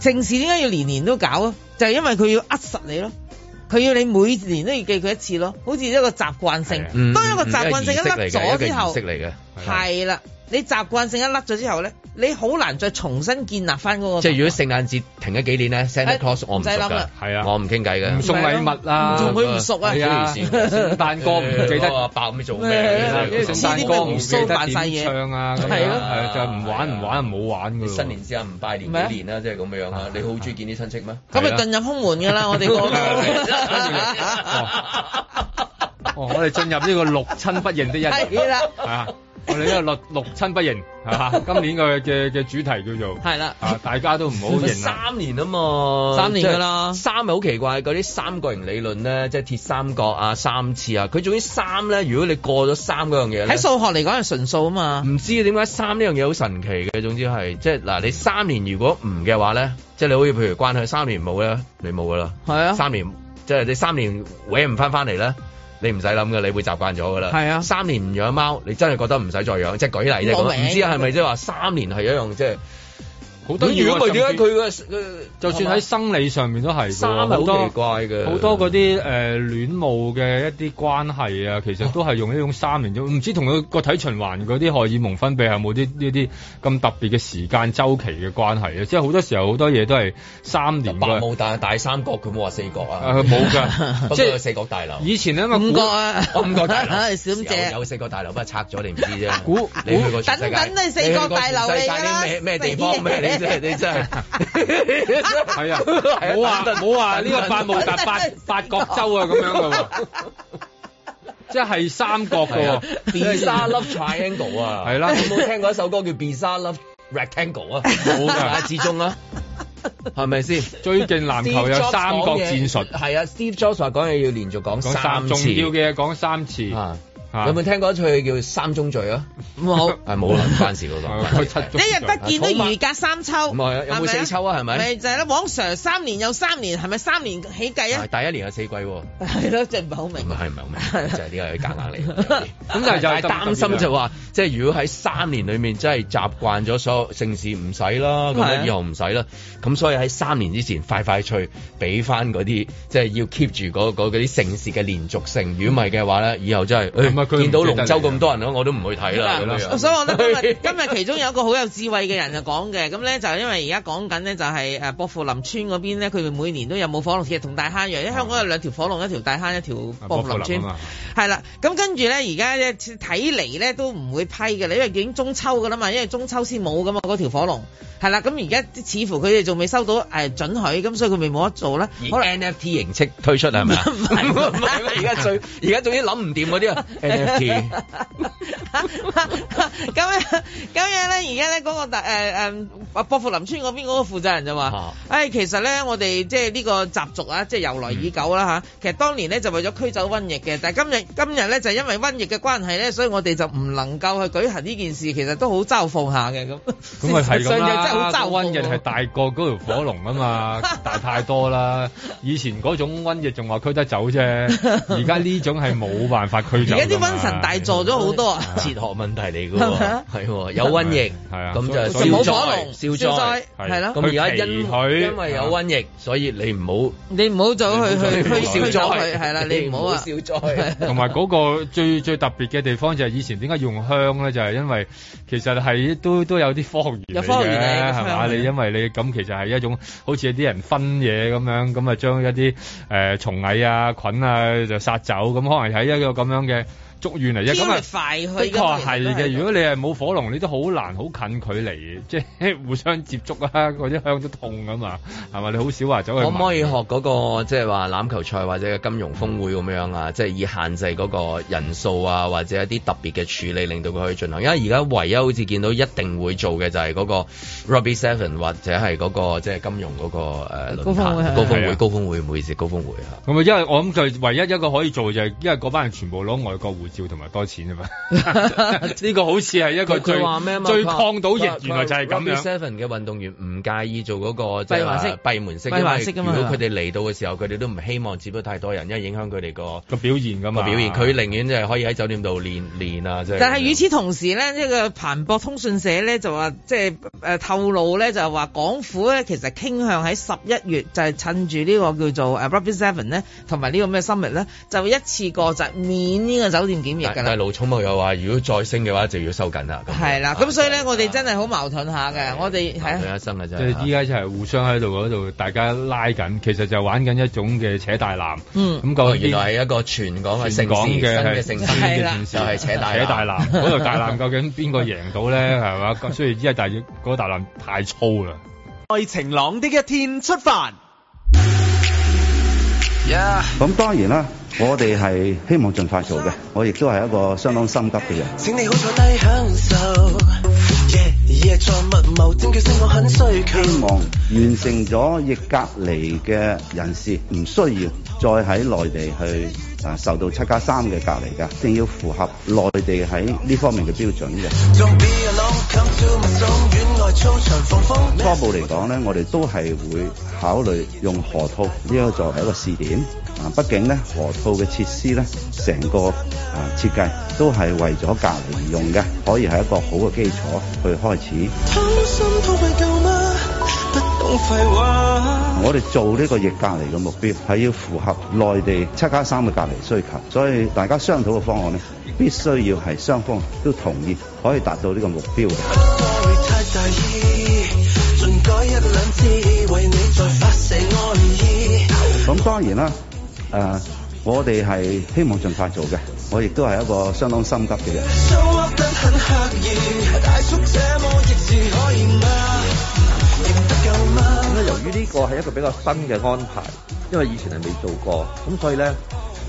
政事點解要年年都搞啊？就係、是、因為佢要呃實你咯。佢要你每年都要記佢一次咯，好似一個習慣性，當一個習慣性、嗯嗯嗯、一甩咗之後，係啦。你習慣性一甩咗之後咧，你好難再重新建立翻嗰個。即係如果聖誕節停咗幾年咧 Santa Claus 我唔熟噶，係啊，我唔傾偈嘅。唔送禮物啦，同佢唔熟啊。聖誕歌唔記得阿爆咩做咩，因為聖誕歌唔記得點唱啊。係咯，係就唔、是、玩唔玩唔好玩，玩，玩新年之下唔拜年幾年啦，即係咁嘅樣嚇。你好中意見啲親戚咩？咁咪遁入空門嘅啦，我哋個。哦，我哋進入呢個六親不認的一年。係 我哋呢六六親不認，啊、今年個嘅嘅主題叫做係啦 啊，大家都唔好認。三年啊嘛，三年噶啦，三係好奇怪嗰啲三角形理論咧，即係鐵三角啊、三次啊，佢總之三咧，如果你過咗三個樣嘢，喺數學嚟講係純數啊嘛。唔知點解三呢樣嘢好神奇嘅，總之係即係嗱，你三年如果唔嘅話咧，即係你好似譬如關係三年冇咧，你冇噶啦。係啊，三年， 三年即係你三年搲唔翻翻嚟咧。你唔使諗嘅，你會習慣咗噶啦。係啊，三年唔養貓，你真係覺得唔使再養。即係舉例啫。咁唔知係咪即係話三年係一樣，即係。好、啊，如果咪點解佢嘅，就算喺生理上面都係，三係很多好奇怪嘅，好多嗰啲誒戀慕嘅一啲關係啊，其實都係用呢種三年，唔、啊、知同佢個體循環嗰啲荷爾蒙分泌是沒有冇啲呢啲咁特別嘅時間周期嘅關係啊。 即係好多時候好多嘢都係三年。白霧但係大三角，佢冇話四角啊。冇、啊、㗎，即係有四角大樓。 但是 以前咧個五角啊，五角大樓。小、啊、姐，哦、有四角大樓，了不 過拆咗你唔知啫。估估等等你四角大樓嚟㗎啦。咩、啊、地方咩？ 你真係，係啊，冇話冇話呢個百慕達三三角洲啊咁樣噶，即係三角噶 Bizarre Love Triangle 啊，係啦、啊，你有冇聽過一首歌叫 Bizarre、Love、Rectangle 啊？冇 啊，之中啊，係咪先？最勁籃球有三角戰術，係啊，Steve Jobs，啊 Steve Jobs 說話講嘢要連續講三次，三重要嘅講三次。啊、有冇聽過一出叫《三宗罪》啊？冇， 好，冇啦、那個，返關事嗰度。一日不見都如隔三秋。咁係啊，有冇四秋啊？係咪、啊？咪就係呢，往常三年又三年，係咪三年起計啊，啊？第一年有四季啊啊。係咯、啊，就唔係好明。咁係唔係好明？就係呢個係硬硬嚟。咁、 啊、但係就係擔心就話，即係如果喺三年裏面，即係習慣咗所有盛事唔使啦，咁啊以後唔使啦，咁、啊、所以喺三年之前快快脆俾翻嗰啲，即係、就是、要 keep 住嗰嗰啲盛事嘅連續性。如果唔係嘅話咧，以後真、就、係、是。哎唔見到龍舟咁多人我都唔會睇啦。所以我覺得今日 其中有一個好有智慧嘅人就講嘅，咁咧就因為而家講緊呢，就係誒薄扶林村嗰邊咧，佢哋每年都有舞火龍，其實同大坑一樣，因為香港有兩條火龍，一條大坑一條薄扶林村。係啦、啊，咁跟住咧而家咧睇嚟咧都唔會批嘅啦，因為已經中秋嘅啦嘛，因為中秋先舞嘅嘛嗰條火龍。係啦，咁而家似乎佢哋仲未收到誒准許，咁所以佢未冇得做啦。可能 NFT 形式推出係咪啊？而家 最而家仲要諗唔掂嗰啲啊！咁樣咁樣咧，而家咧嗰個誒誒，薄扶林村嗰邊嗰個負責人就話：誒、啊哎，其實咧我哋即係呢個習俗啊，即係由來已久啦吓。其實當年咧就為咗驅走瘟疫嘅，但係今日今日咧就係、因為瘟疫嘅關係咧，所以我哋就唔能夠去舉行呢件事，其實都好嘲諷下嘅咁。咁係係咁啦。嘲瘟疫係大過嗰條火龍啊嘛， 大太多啦。以前嗰種瘟疫仲話驅得走啫，而家呢種係冇辦法驅走。瘟 神大助咗好多啊！ 哲學問題嚟喎、啊 啊，有瘟疫係啊，咁、啊、就消災消災係啦。咁而家因為因為有瘟疫，啊、所以你唔好你唔好走去去推消災係啦。你唔好消災。同埋嗰個最最特別嘅地方就係以前點解用香咧？就係、是、因為其實係都都有啲科學原理嘅係嘛？啊、你因為你咁其實係一種好似有啲人分嘢咁樣咁啊，將一啲誒蟲蟻啊菌啊就殺走咁，可能係一個咁樣嘅。足遠嚟嘅，咁啊，是是的係嘅。如果你係冇火龍，你都好難好近距離，即係互相接觸啊，嗰啲香都痛噶、啊、嘛，係咪？你好少話走去。可唔可以學嗰、那個即係話欖球賽或者金融峰會咁樣啊、嗯？即係以限制嗰個人數啊，或者一啲特別嘅處理，令到佢可以進行。因為而家唯一好似見到一定會做嘅就係嗰個 Rugby Seven 或者係嗰、那個即係、就是、金融嗰、那個、呃、高峰會，高峰會，高峰會，唔好意思，高峰會啊。咁啊，因為、就是、我諗就唯一一個可以做就係、是、因為嗰班人全部攞外國護。照同埋多錢啊嘛！呢個好似係一個最話咩最抗倒疫，原來就係咁樣。Seven 嘅運動員唔介意做嗰個閉、啊、門式、閉閉門式，如果佢哋嚟到嘅時候，佢哋都唔希望，接到太多人，因為影響佢哋個個表現㗎嘛。表現佢寧願就係可以喺酒店度練練啊！啊就是、但係與此同時呢，呢、這個彭博通訊社呢就，就話、是啊，即係誒透露呢，就係話港府呢，其實傾向喺十一月就係趁住呢個叫做誒 Rugby Seven 呢，同埋呢個咩 Summit 呢，m e 就一次過就免呢個酒店。檢但係老寵物又話：如果再升嘅話，就要收緊啦。係啦，咁、啊、所以咧、啊，我哋真係好矛盾下嘅。我哋係一生嘅真係，依家就係互相喺度嗰度，大家拉緊，其實就玩緊一種嘅扯大纜。嗯，咁個、哦、原來係一個全港嘅城市，嘅城市係就係、是、扯大纜扯大纜。嗰 大纜究竟邊個贏到咧？係 嘛？咁所以依家大嗰、那個大纜太粗啦。在晴朗的一天出發。咁、yeah。當然啦，我哋係希望盡快做嘅，我亦都係一個相當心急嘅人。希望完成咗疫隔離嘅人士，唔需要再喺內地去啊受到七加三嘅隔離噶，正要符合內地喺呢方面嘅標準嘅。Don't be alone, come to my soul, 初步嚟講咧，我哋都係會考慮用河套呢一座係一個試點。啊，畢竟咧河套嘅設施咧，成個啊設計都係為咗隔離而用嘅，可以係一個好嘅基礎去開始。疼疼我哋做呢個逆隔離嘅目標係要符合內地七加三嘅隔離需求，所以大家商討嘅方案咧。必須要係雙方都同意，可以達到呢個目標嘅。咁當然啦，呃，我哋係希望盡快做嘅，我亦都係一個相當心急嘅人。咁由於呢個係一個比較新嘅安排，因為以前係未做過，咁所以呢。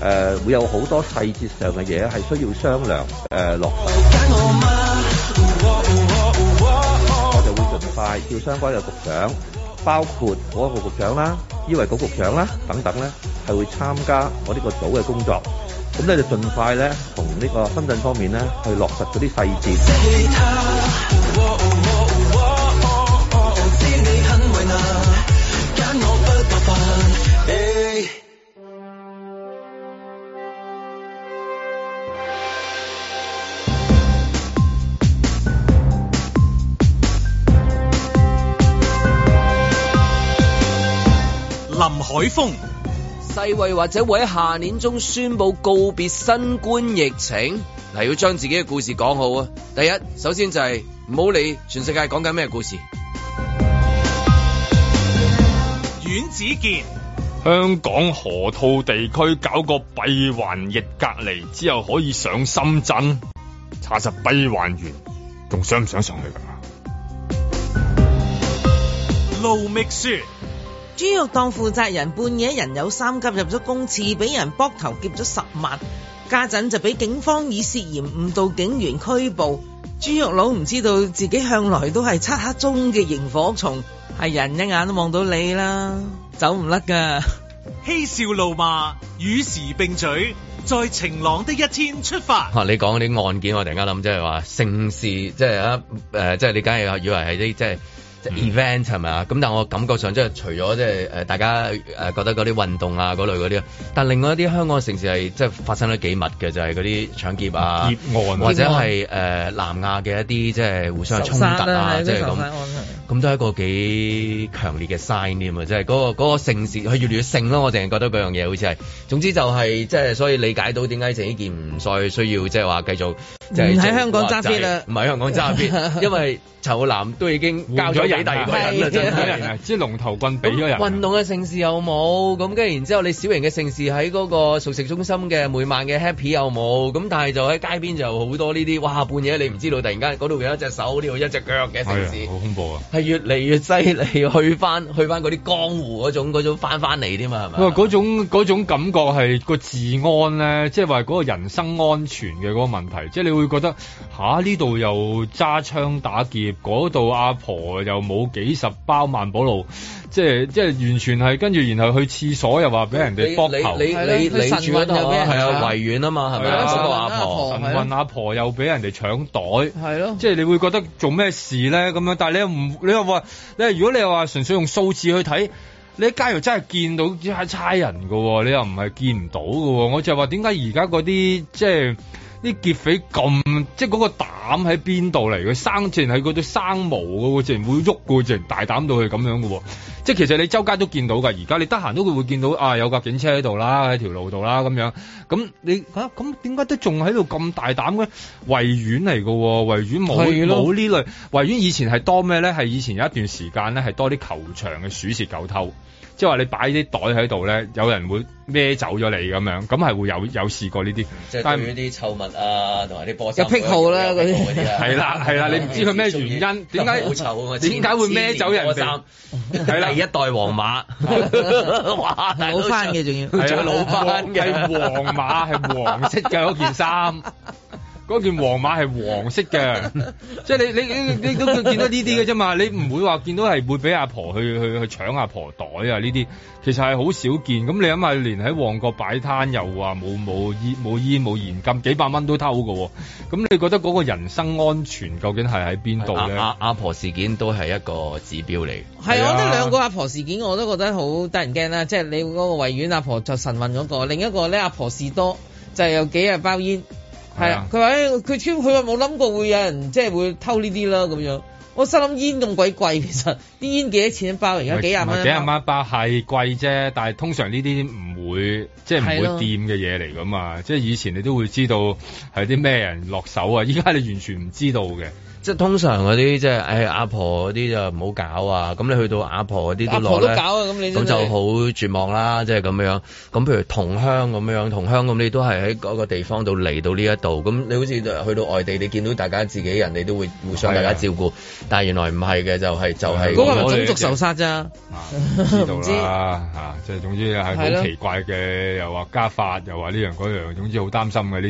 誒、呃、會有好多細節上嘅嘢係需要商量，誒、呃、落實。我哋會盡快叫相關嘅局長，包括保安局局長啦、醫衞局局長啦等等呢係會參加我呢個組嘅工作。咁你哋盡快呢，同呢個深圳方面呢，去落實嗰啲細節。海峰，世衛或者會喺下年中宣布告別新冠疫情。嗱，要將自己嘅故事講好啊！第一，首先就係唔好理全世界講緊咩故事。阮子健，香港河套地區搞個閉環疫隔離之後可以上深圳，查實閉環完仲想唔想上去噶？盧覓雪豬肉檔負責人半夜人有三急入咗公廁，俾人卜頭劫咗十萬，家陣就俾警方以涉嫌誤導警員拘捕。豬肉佬唔知道自己向來都係漆黑中嘅螢火蟲，係人一眼都望到你啦，走唔甩噶。嬉笑怒罵與時並進，在晴朗的一天出發。吓，你講啲案件，我突然間諗即係話刑事，即係啊誒，即係你梗係以為係啲即係。即係 event 係咪啊？咁但係我感覺上即係除咗即係誒大家誒覺得嗰啲運動啊嗰類嗰啲，但係另外一啲香港嘅城市係即係發生得幾密嘅就係嗰啲搶劫啊，劫案啊，或者係誒、呃、南亞嘅一啲即係互相衝突啊，即係咁。咁都係一個幾強烈嘅 sign 㗎，即係嗰個嗰、嗰個盛事，佢越嚟越盛咯。我淨係覺得嗰樣嘢好似係，總之就係即係，所以理解到點解成件事唔再需要即係話繼續。唔、就、喺、是、就香港揸邊啦？唔喺、就是、香港揸邊？ 因為籌藍都已經交咗俾第二個即係第二個即係龍頭棍俾咗人，啊。運動嘅盛事有冇？咁跟住然之後，你小型嘅盛事喺嗰個熟食中心嘅每晚嘅 happy 有冇？咁但係就喺街邊就好多呢啲，哇！半夜你唔知道，突然間嗰度有一隻手，呢度一隻腳嘅城市。好、哎、恐怖啊！越嚟越犀利，去翻去翻嗰啲江湖嗰種嗰種翻翻嚟添嘛係咪？嗰種嗰種感覺係個治安咧，即係話嗰個人生安全嘅嗰個問題，即係你會覺得吓，呢度又揸槍打劫，嗰度阿婆又冇幾十包萬寶路，即係即係完全係跟住，然後去廁所又話俾人哋幫頭，你你你，你住嗰度係啊維園啊嘛係咪啊？神棍阿婆神棍阿婆又俾人哋搶袋，係咯，即係你會覺得做咩事咧咁樣？但係你又唔你又話，你如果你又話純粹用數字去睇，你喺街度真係見到只係差人㗎喎，你又唔係見唔到㗎喎。我就係話點解而家嗰啲即係啲劫匪咁，即係嗰個膽喺邊度嚟？佢生，自然係嗰啲生毛㗎喎，自然會喐嘅喎，自然大膽到係咁樣㗎喎。即其實你周街都見到㗎，而家你得閒都會會見到啊，有架警車喺度啦，喺條路度啦咁樣。咁你啊，咁點解都仲喺度咁大膽嘅維園嚟㗎？維園冇冇呢類維園以前係多咩咧？係以前有一段時間咧係多啲球場嘅鼠竊狗偷。即係話你擺啲袋喺度咧，有人會孭走咗你咁樣，咁係會有有試過呢啲，即係關於啲臭物啊，同埋啲波衫。有癖好啦，嗰啲係啦係啦，你唔知佢咩原因，點解點解會孭走人哋係啦， 第一代皇馬， 老翻嘅仲要，係攞翻嘅，係皇馬係黃色嘅嗰件衫。嗰 件皇馬係黃色嘅， 即係你你你你都見到呢啲嘅啫嘛，你唔會話見到係會俾阿婆，婆去去去搶阿婆，婆袋啊？呢啲其實係好少見。咁你諗下，連喺旺角擺攤又話冇冇煙冇煙冇現金，幾百蚊都偷嘅。咁你覺得嗰個人生安全究竟係喺邊度咧？阿阿、啊啊、婆事件都係一個指標嚟。係啊，呢兩、啊、個阿婆事件我都覺得好得人驚啦。即、就、係、是、你嗰個維園阿婆就神運嗰、那個，另一個咧阿婆士多就是、有幾日包煙。係啊，佢話、啊：，佢超，佢話冇諗過會有人即係、就是、會偷呢啲啦，咁樣。我心諗煙咁鬼貴，其實啲煙多 幾多錢一包？十而家幾廿蚊？幾廿蚊一包係貴啫，但係通常呢啲唔會即係唔會掂嘅嘢嚟㗎嘛。啊、即係以前你都會知道係啲咩人落手啊，依家你完全唔知道嘅。即係通常嗰啲即係誒阿婆嗰啲就唔好搞啊！咁你去到阿婆嗰啲都阿都搞啊！咁你咁就好絕望啦！即係咁樣咁譬如同鄉咁樣同鄉咁你都係喺嗰個地方度嚟到呢一度。咁你好似去到外地，你見到大家自己人，你都會互相大家照顧。但係原來唔係嘅，就係、是、就係、是、嗰、那個種族受殺咋。啊、知道啦，嚇 啊！即係總之係好奇怪嘅，又話家法，又話呢樣嗰樣，總之好擔心嘅呢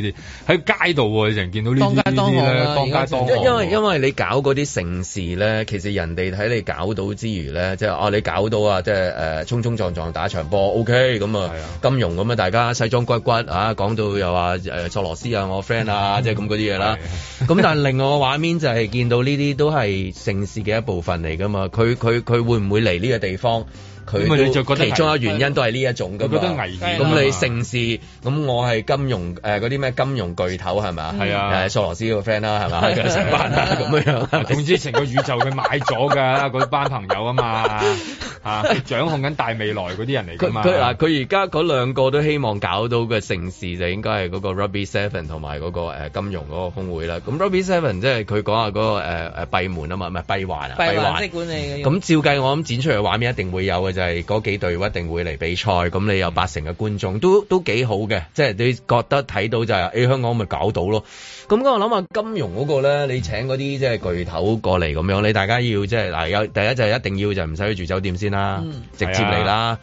啲喺街度喎，成日見到呢啲呢，當街當巷、啊當街當巷，啊當街當巷啊。因為，因為因為你搞嗰啲盛事咧，其實人哋睇你搞到之餘咧，即係哦，你搞到啊，即係誒，衝、呃、沖撞撞打場波，OK，咁啊，金融咁啊，大家西裝骨骨啊，講到又話、呃、索羅斯啊，我 friend 啊，即係咁嗰啲嘢啦。咁 但另外個畫面就係、是、見到呢啲都係盛事嘅一部分嚟㗎嘛。佢佢佢會唔會嚟呢個地方？佢嘅其中一個原因都係呢一種噶嘛，覺得危險。咁你盛事，咁我係金融誒嗰啲咩金融巨頭係咪？係、嗯、啊，索羅斯個 friend 啦係咪成班咁、啊、 樣，總之成個宇宙佢買咗㗎嗰班朋友啊嘛， 啊掌控緊大未來嗰啲人嚟㗎嘛。佢嗱，佢而家嗰兩個都希望搞到嘅盛事，就應該係嗰個 Rugby Seven 同埋嗰個、呃、金融嗰個峯會啦。咁 Rugby Seven 即係佢講下嗰、那個誒誒、呃、閉門啊嘛，咪閉環啊，閉環管理。咁、嗯嗯嗯、照計我諗剪出嚟畫面一定會有嘅。就係、是、嗰幾隊一定會嚟比賽，咁你有八成嘅觀眾都都幾好嘅，即係你覺得睇到就係、是、誒、哎、香港咪搞到咯。咁我諗下金融嗰個咧，你請嗰啲即係巨頭過嚟咁樣，你大家要即係嗱有第一就係、是、一定要就唔、是、使去住酒店先啦，嗯、直接嚟啦、啊、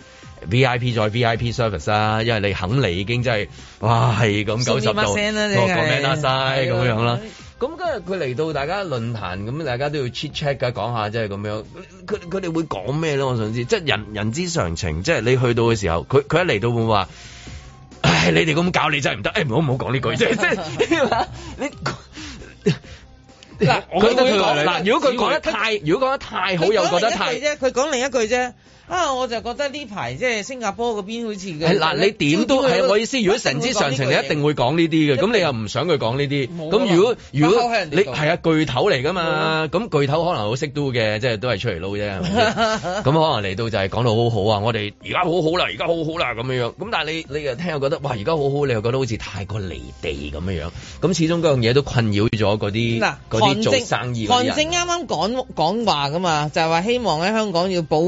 VIP 再 VIP service 啦，因為你肯嚟已經真係哇係咁九十度個 command 啦，咁、嗯啊啊啊、樣啦。咁跟住佢嚟到大家論壇，咁大家都要 check check 噶，講下即係咁樣，佢佢哋會講咩咧？我想知，即係人人之常情，即係你去到嘅時候，佢佢一嚟到會話，唉，你哋咁搞你真係唔得，唉，唔好唔好講呢句啫，即係你話你嗱，佢都嗱，如果佢講得太，如果講得，得太好又覺得太啫，佢講另一句啫。啊！我就覺得呢排即係新加坡嗰邊好似嘅嗱，你點都係、啊、我意思。如果成之常情，你一定會講呢啲嘅。咁你又唔想佢講呢啲？咁、啊、如果如果你係啊，巨頭嚟噶嘛？咁、啊、巨頭可能好識 do 嘅，即係都係出嚟撈啫。咁 可能嚟到就係講到好好啊！我哋而家好好啦，而家好好啦咁樣。咁但係你你又聽又覺得哇，而家好好，你又覺得好似太過離地咁樣。咁始終嗰樣嘢都困擾咗嗰啲做生意嘅人，韓、啊、正韓正啱啱講講話噶嘛，就係、是、話希望喺香港要保。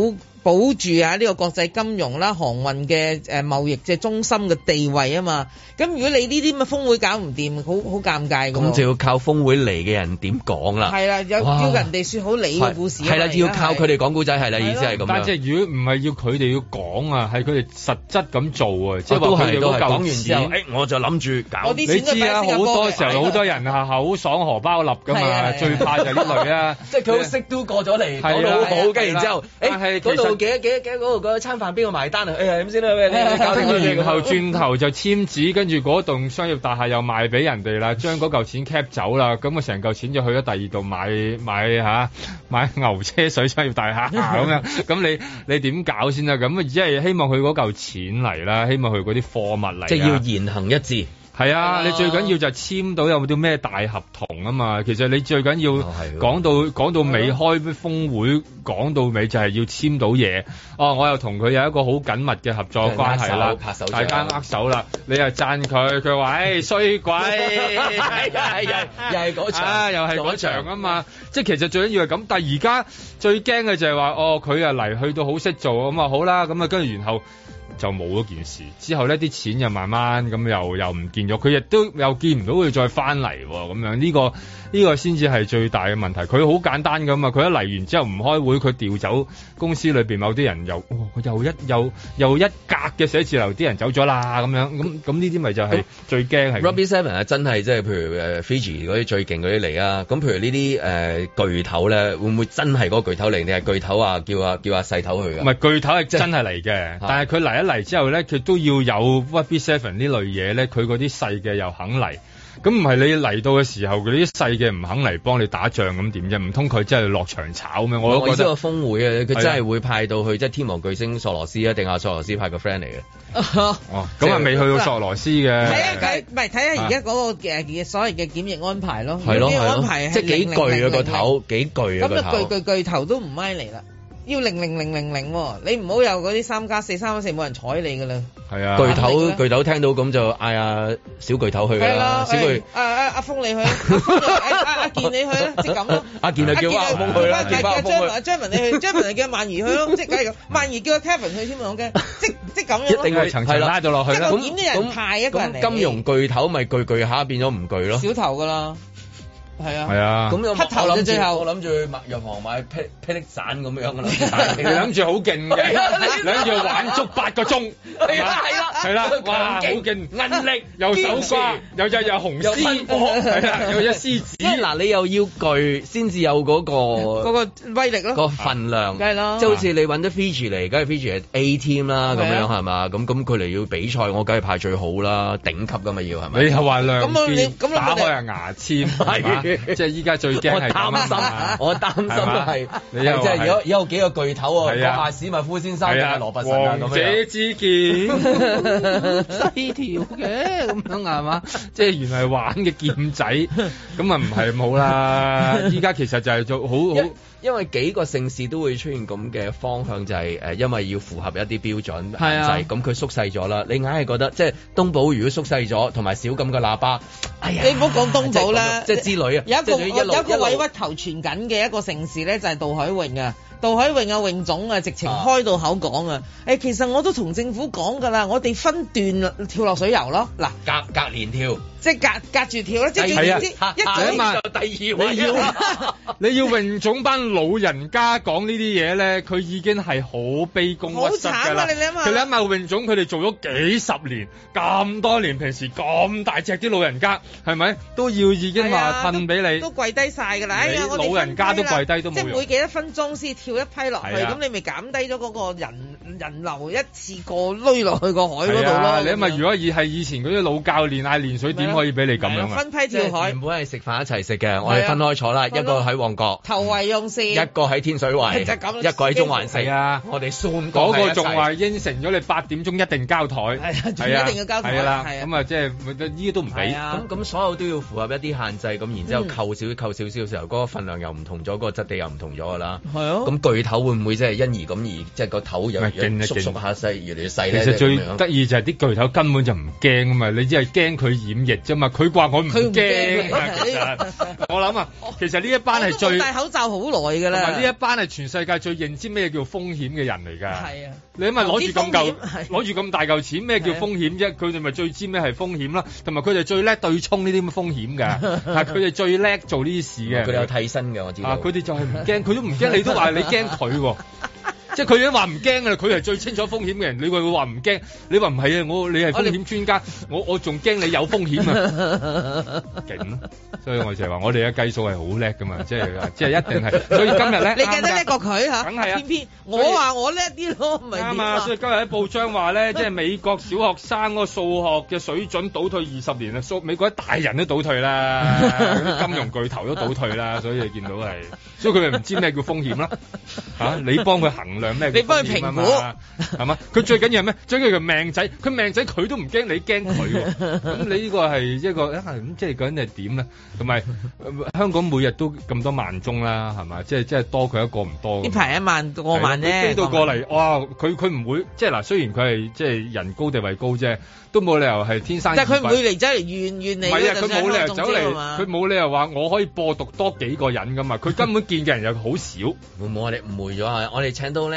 保住啊呢、這個國際金融啦、啊、航運嘅誒、呃、貿易嘅中心嘅地位啊嘛。咁、嗯、如果你呢啲咁嘅峯會搞唔掂，好好尷尬。咁就要靠峯會嚟嘅人點講啦。係啦，有叫人哋説好你嘅故、啊、故事。係啦，要靠佢哋講古仔係啦，意思係咁。即係如果唔係要佢哋要講啊，係佢哋實質咁做啊，即係話佢哋係講完之後，誒、哎、我就諗住搞啲。你知啊，好多時候好多人啊，口爽荷包立㗎嘛，最怕就係呢類啊。即係佢識都過咗嚟，講得好好，跟住之後，誒嗰度。哎幾個幾幾嗰度嗰餐飯邊個埋單啊？哎、呀，咁先啦？然後轉頭就簽紙，跟住嗰棟商業大廈又賣俾人哋啦，將嗰嚿錢 cap 走啦。咁啊成嚿錢就去咗第二度買買嚇買，、啊、買牛車水商業大廈咁樣。咁你你點搞先啊？咁即係希望佢嗰嚿錢嚟啦，希望佢嗰啲貨物嚟。即係要言行一致。係啊，你最緊要就係簽到有冇啲咩大合同啊嘛。其實你最緊要講、就是、到講到尾開咩峰會，講到尾就係要簽到嘢。哦、啊，我又同佢有一個好緊密嘅合作關係啦，就是、手，大家握手啦。你又讚佢，佢話：唉、哎、衰鬼， 又係嗰場，啊、又係嗰場啊嘛。即係其實最緊要係咁，但係而家最驚嘅就係話，哦佢啊嚟去到好識做，咁啊好啦，咁啊跟住然後。然後就冇咗件事，之後呢啲錢又慢慢咁又又唔見咗，佢亦都又見唔到佢再翻嚟喎，咁樣呢、呢個呢、呢個先至係最大嘅問題。佢好簡單噶嘛，佢一嚟完之後唔開會，佢調走公司裏面某啲人又，哇、哦！又一又又一格嘅寫字樓啲人走咗啦，咁樣咁咁呢啲咪就係最驚係。嗯、Robby Seven 啊，真係即係譬如、呃、Fiji 嗰啲最勁嗰啲嚟啊，咁譬如呢啲、呃、巨頭咧，會唔會真係嗰個巨頭嚟？定係巨頭啊，叫啊叫啊細頭去？唔係巨頭係真係嚟嘅，但係佢嚟一。嚟之後咧，佢都要有 W B Seven 呢類嘢咧，佢嗰啲細嘅又肯嚟，咁唔係你嚟到嘅時候，嗰啲細嘅唔肯嚟幫你打仗咁點啫？唔通佢真係落場炒咩？我覺得個峰會啊，佢真係會派到去即係天王巨星索羅斯啊，定下索羅斯派個 friend 嚟嘅。咁啊未去到索羅斯嘅。睇下唔係睇下而家嗰個嘅所謂嘅檢疫安排咯。係咯係咯，即係幾攰啊個頭，幾攰啊咁啊巨巨巨頭都唔咪嚟啦。要零零零零零，你唔好又嗰啲三加四三加四，冇人睬你噶啦。係啊，巨頭巨頭聽到咁就嗌阿小巨頭去啦，小巨。啊啊阿峰你去，阿阿阿健你去啦，即係咁咯。阿健啊叫阿峰去咯，阿阿張文阿張文你去，張文又叫萬兒去咯，即係萬兒叫個 Kevin 去添啊我驚，即即咁樣。一定係層層拉咗落去啦。咁咁派一個人嚟。金融巨頭咪巨巨下變咗唔巨咯。小頭噶啦。係啊，咁我、啊、頭頭諗，後後，諗住去藥房買霹靂散諗住好勁嘅，諗 住、啊啊、玩足八個鐘，係啦係啦係啦，勁勁韌力，又手瓜，有隻有紅獅，有一隻有獅、啊啊、有一隻獅子。嗱、啊、你又要巨先至有嗰、嗰個嗰、嗰個、威力咯，嗰個份量，梗、啊、啦。即係好似你揾咗 feature 嚟，梗係 feature 係 A team 啦，咁、啊、樣係嘛？咁咁佢哋要比賽，我梗係派最好啦，頂級㗎嘛要係咪？你係話兩咁打開係牙籤 即係依家最驚係，我擔心，我擔心係，即係而家有幾個巨頭喎、啊，國、啊、下史密夫先生加羅拔臣咁樣，王者之劍，細條嘅咁樣係嘛，即係原來玩嘅劍仔，咁 啊唔係冇啦，依 家其實就係做好好。 很 因為幾個城市都會出現咁嘅方向，就係誒，因為要符合一啲標準係啊，就係，咁佢縮細咗啦。你硬係覺得，即係東寶如果縮細咗，同埋少咁嘅喇叭，哎呀，你唔好講東寶啦，即係之旅啊，有一個有一個委屈頭傳緊嘅一個城市咧，就係杜海泳啊，杜海泳啊，泳總啊，直情開到口講啊，誒，其實我都同政府講噶啦，我哋分段跳落水游咯，嗱，隔隔年跳。即係隔隔住跳啦，哎，即係總之一第二位。你要泳 總班老人家講呢啲嘢咧，佢已經係好卑躬屈膝㗎啦。你諗下，佢諗下泳總佢哋做咗幾十年，咁多年，平時咁大隻啲老人家係咪都要已經話瞓俾你都跪低曬㗎啦？老人家都跪低，哎、都，跪都即係每幾多分鐘先跳一批落去，咁，啊、你咪減低咗嗰個人人流一次過攆落去個海嗰度啦你諗下，啊，如果以係以前嗰啲老教練啊，連水點？可以俾你咁樣啊！分批照原本係食飯一齊食嘅，我哋分開坐啦。一個喺旺角，頭位用膳；一個喺天水圍，其實咁；一個喺中環食啊。我哋數咁多個掣，嗰個仲話應承咗你八點鐘一定交台，係啊，一定要交台啦。咁啊，即係依都唔俾。咁咁，所有都要符合一啲限制，咁然之後扣少扣少少嘅時候，嗰個份量又唔同咗，嗰個質地又唔同咗㗎啦。係啊，咁巨頭會唔會即係因而咁而即係個頭又縮縮下細，越嚟越細咧？其實最得意就係啲巨頭根本就唔驚啊嘛！你只係驚佢掩形。就咪佢話我唔驚，我諗啊，其實呢 一班係最戴口罩好耐嘅啦。呢一班係全世界最認知咩叫風險嘅人嚟㗎。係啊，你咪攞住咁嚿攞住咁大嚿錢，咩叫風險啫？佢哋咪最知咩係風險啦，同埋佢哋最叻對沖呢啲咁風險嘅，係佢哋最叻做呢啲事嘅。佢哋有替身嘅，我知道。佢哋、啊、就係唔驚，佢都唔驚，你都話你驚佢喎。 即係佢已經話唔驚啦，佢係最清楚風險嘅人。你話會話唔驚？你話唔係啊？我你係風險專家，啊、我我仲驚你有風險啊！勁 咯，所以我成日話我哋嘅計數係好叻噶嘛，即係即係一定係。所以今日咧，你更加叻過佢嚇。梗係。偏偏我話我叻啲咯，咪啱啊！所以今日喺報章話咧， 即係美國小學生個數學嘅水準倒退二十年啦，美國啲大人都倒退啦， 金融巨頭都倒退啦，所以見到係，所以佢哋唔知咩叫風險啦、 啊、你幫佢衡量。你幫佢評估係嘛？佢 最緊要係咩？最緊要係命仔。佢命仔，佢都唔驚，你驚佢、啊。咁 你呢個係一個，啊咁、嗯、即係究竟係點咧？同埋香港每日都咁多萬宗啦，係嘛？即係即係多佢一個唔多。呢排一萬過萬咧，飛到過嚟，哇！佢佢唔會即係嗱，雖然佢係即係人高地位高啫，都冇理由係天生。即係佢唔會嚟走嚟怨怨你。係啊，佢冇理由走嚟，佢冇理由話我可以播毒多幾個人㗎嘛？佢根本見嘅人又好少。冇 好我哋誤會咗我哋請到咧。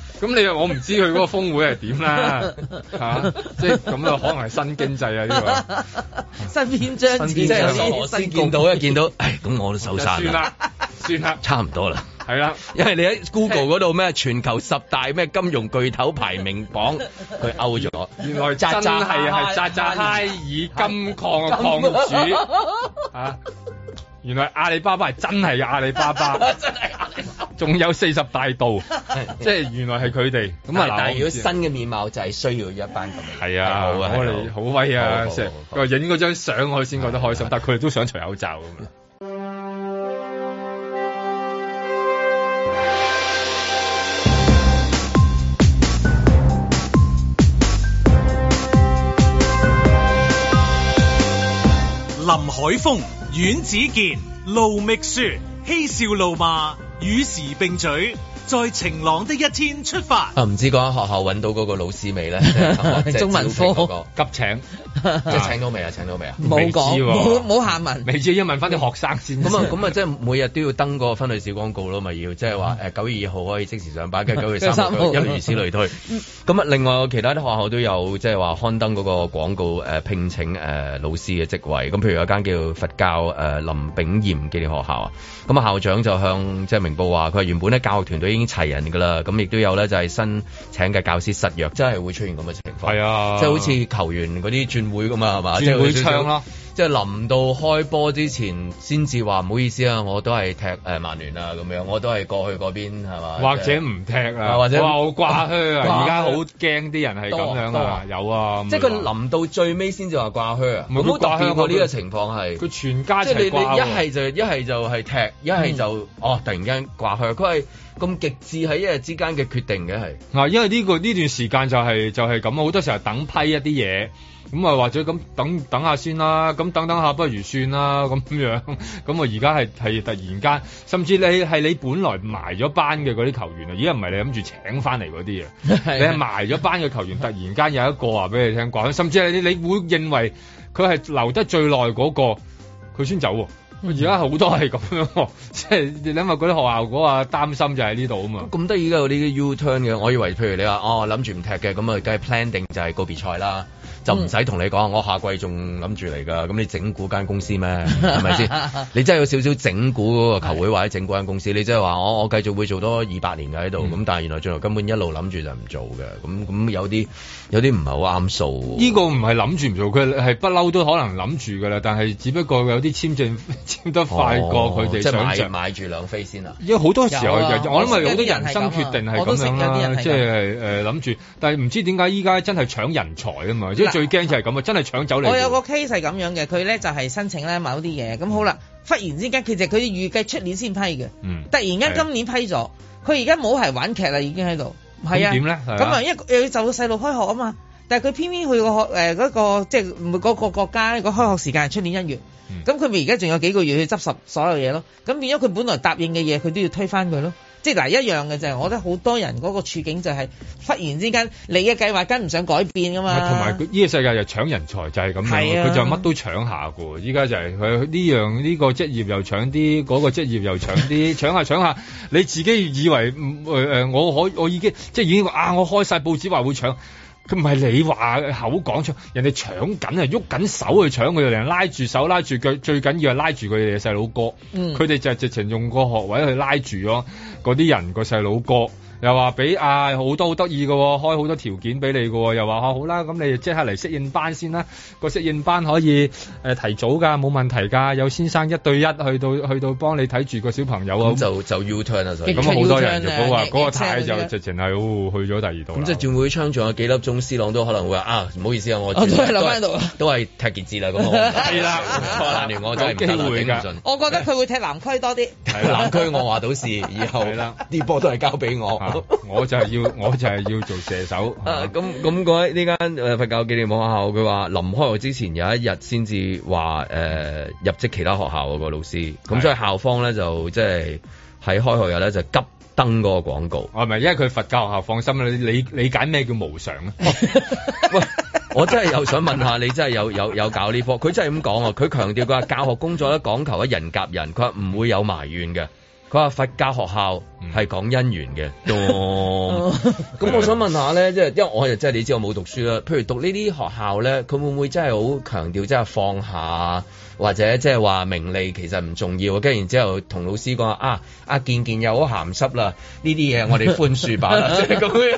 咁你又我唔知佢嗰個峯會係點啦，吓，即係咁啊，可能係新經濟啊呢個、啊，新篇章，章，新係啲新見到一、啊見，啊、見到，唉，咁我都收晒算啦，算啦，差唔多啦，係啦、啊，因為你喺 Google 嗰度咩全球十大咩金融巨頭排名榜，佢勾咗，原來真係係扎扎拉爾金礦礦主原來阿里巴巴係真係阿里巴巴，真係阿里巴巴，仲有四十大盜， 即係原來係佢哋咁啊！但係如果新嘅面貌就係需要一班咁，係啊， 我哋好威啊！即係佢影嗰張相，我先覺得開心， 但係佢哋都想除口罩咁。 林海峰。阮子健盧覓雪，嬉笑怒罵，與時並進。在晴朗的一天出發。啊，唔知嗰間學校揾到嗰個老師未咧？中文科急請， 即請到未啊？請到未啊？未 知喎，冇冇下文。未知要問翻啲學生先。 咁啊，咁啊，即係每日都要登個分類小廣告咯，咪要即係話誒九月二號可以即時上班，跟九月三號一路如此類推。咁 啊，另外其他啲學校都有即係話刊登嗰個廣告誒，聘請誒老師嘅職位。咁譬如有間叫佛教誒林炳炎嘅啲學校啊，咁啊校長就向即係明報話，佢話原本咧教育團隊已經已經齊人㗎啦，咁亦都有咧，就係、是、新請嘅教師失約，真係會出現咁嘅情況。係啊，即係好似球員嗰啲轉會咁啊，係嘛？即係轉會窗咯。即係臨到開波之前，先至話唔好意思啊！我都係踢誒曼聯啊，咁樣我都係過去嗰邊係嘛？或者唔踢啊？或者好掛靴啊？而家好驚啲人係咁樣啊、呃呃呃！有啊，即係佢臨到最尾先至話掛靴啊！冇冇特登過呢個情況係，佢全家一係就一係就係踢，一係就、嗯、哦突然間掛靴，佢係咁極致喺一日之間嘅決定嘅係。因為呢、呢個呢段時間就係、係、就係、係、咁，好多時候等一批一啲嘢。咁啊，或者咁等等下先啦，咁等等下不如算啦，咁樣咁我而家係係突然間，甚至你係你本來埋咗班嘅嗰啲球員啊，而家唔係你諗住請翻嚟嗰啲啊， 你係埋咗班嘅球員突然間有一個話俾你聽啩，甚至你你會認為佢係留得最耐嗰、嗰個，佢先走，而家好多係咁樣，即、嗯、係 你諗下嗰啲學校嗰個擔心就喺呢度啊嘛。咁得意嘅嗰啲 U turn 嘅，我以為譬如你話哦諗住唔踢嘅，咁啊梗係 plan 定就係告別賽啦。就唔使同你講、嗯，我下季仲諗住嚟㗎。咁你整蠱間公司咩？係咪先？你真係有少少整蠱個球會或者整蠱間公司？你真係話我我繼續會做多二百年㗎喺度。咁、嗯、但係原來最後根本一路諗住就唔做嘅。咁咁有啲有啲唔係好啱數。呢、呢個唔係諗住唔做，佢係不嬲都可能諗住㗎啦。但係只不過有啲簽證 簽得快過佢哋想像、哦。買住兩飛先啦、啊。因為好多時候、啊，我諗係好多人生人樣、啊、決定係咁啦。即係誒諗住，但係唔知點解依家真係搶人才啊嘛！嗯 最驚就係咁啊！真係搶走你。我有個 case 係咁樣嘅，佢咧就係、是、申請咧某啲嘢咁好啦。忽然之間，其實佢預計出年先批嘅、嗯，突然間今年批咗，佢而家冇係玩劇啦，已經喺度係啊。點、嗯、咧？咁啊，一個又要就細路開學啊嘛。但係佢偏偏去、呃嗰個誒嗰、嗰個即係唔係嗰個國家、嗰個嗰個嗰個開學時間係出年一月，咁佢咪而家仲有幾個月去執拾所有嘢咯？咁變咗佢本來答應嘅嘢，佢都要推翻佢咯。即係嗱一樣嘅就係，我覺得好多人嗰個處境就係忽然之間，你嘅計劃跟唔上改變噶嘛。同埋呢個世界就搶人才就係咁樣，佢、啊、就乜都搶下喎。依家就係佢呢樣呢個職業又搶啲，嗰、嗰個職業又搶啲， 搶下搶下，你自己以為、呃、我可以我已經即係已經啊，我開晒報紙話會搶。佢唔係你話口講出，人哋搶緊啊，喐緊手去搶佢哋，拉住手拉住腳，最緊要係拉住佢哋嘅細佬哥。嗯，佢哋就係直情用個學位去拉住咯，嗰啲人個細佬哥。又話俾啊好多好得意㗎喎，開好多條件俾你㗎喎、哦。又話、啊、好啦，咁你即刻嚟適應班先啦。個適應班可以、呃、提早㗎，冇問題㗎。有先生一對一去到去到幫你睇住個小朋友啊，咁就就 Uturn 啦，咁好多人嘅。我話嗰個態就直情係去咗第二度咁即係轉會窗仲有幾粒鐘，C 朗都可能會話啊，唔好意思啊，我我都係諗喺度，都係踢傑志 啦。咁啊係啦，我難聯我真係唔會俾唔信。我覺得佢會踢南區多啲。踢南區我話到時以後，啲波都係交俾我。 我就係要，我就係要做射手。咁咁嗰呢間誒佛教紀念學校，佢話臨開學之前有一日先至話誒入職其他學校嗰、嗰個老師。咁、啊嗯、所以校方咧就即係喺開學日咧就急登嗰個廣告。係咪？因為佢佛教學校放心你理理解咩叫無常 喂，我真係又想問下你真有，真係有有有搞呢科？佢真係咁講，佢強調佢話教學工作咧講求一人夾人，佢唔會有埋怨嘅。佢話佛教學校係講因緣嘅，咁、嗯嗯、我想問下咧，即係因為我就即係你知我冇讀書啦。譬如讀呢啲學校咧，佢會唔會真係好強調即係放下，或者即係話名利其實唔重要？跟住然之後同老師講啊，啊健健又好鹹濕啦，呢啲嘢我哋寬恕吧，即係咁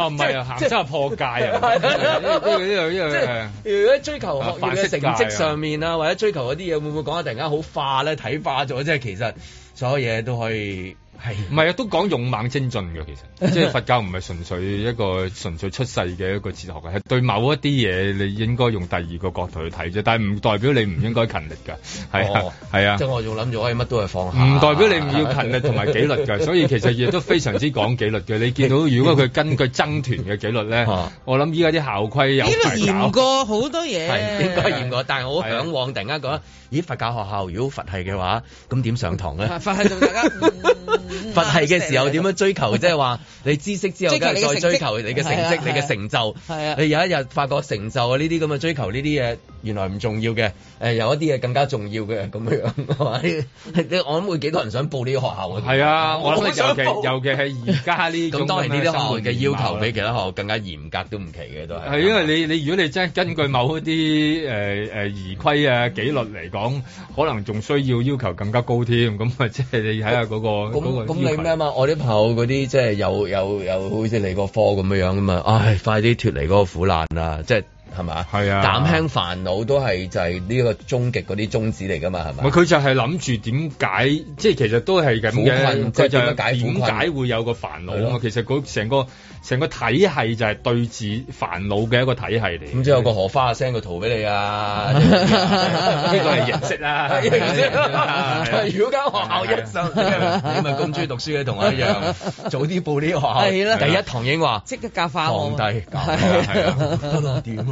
啊唔係啊，鹹濕係破戒啊。呢樣樣如果追求學嘅成績上面啊，或者追求嗰啲嘢，會唔會講下突然間好化咧？睇化咗，即係其實。所有嘢都可以。係，唔係啊，都講勇猛精進嘅，其實即係佛教唔係純粹一個純粹出世嘅一個哲學嘅，係對某一啲嘢，你應該用第二個角度去睇啫。但係唔代表你唔應該勤力㗎，係 啊，係、哦、啊。即我仲諗咗，可以乜都係放下，唔代表你唔要勤力同埋紀律㗎。 所以其實亦都非常之講紀律嘅。 你見到如果佢根據僧團嘅紀律咧， 我諗依家啲校規有嚴過好多嘢， 應該嚴過。但係我好向往突然間覺得，咦、哎？佛教學校如果佛系嘅話，咁點上堂咧？ 佛系仲得佛系嘅時候點樣追求？即係話你知識之後跟住，再追求你嘅成績，你嘅成就。係啊，你有一日發覺成就啊，呢啲咁嘅追求，呢啲嘢。原來唔重要嘅、呃，有一啲嘢更加重要嘅咁樣，係 你我諗會幾多人想報呢個學校？係啊，我諗尤其尤其係而家呢種嘅 咁當然呢啲學校嘅要求，比其他學校更加嚴格都唔奇嘅都係。係因為你你，你如果你真係根據某一啲誒誒儀規啊紀律嚟講，可能仲需要要求更加高添。咁啊、嗰個嗰個嗰個，即係你睇下嗰個咁你咩啊嘛？我啲朋友嗰啲即係有有有好似你個科咁樣樣嘛唉，快啲脫離嗰個苦難啊！即係。係咪啊？減輕煩惱都係就係呢個終極嗰啲宗旨嚟㗎嘛。係咪佢就係諗住點解？即係其實都係嘅，冇分即係點解會有個煩惱。我其實嗰成個。成個體系就係對治煩惱嘅一個體系嚟、嗯。唔知有個荷花，send 個圖俾你啊？呢個係認識啊！ 如果間學校一生，你咪咁中意讀書嘅同我一樣，早啲報呢個學校。係啦，第一堂英話即刻教返我。皇帝，係啦點啊？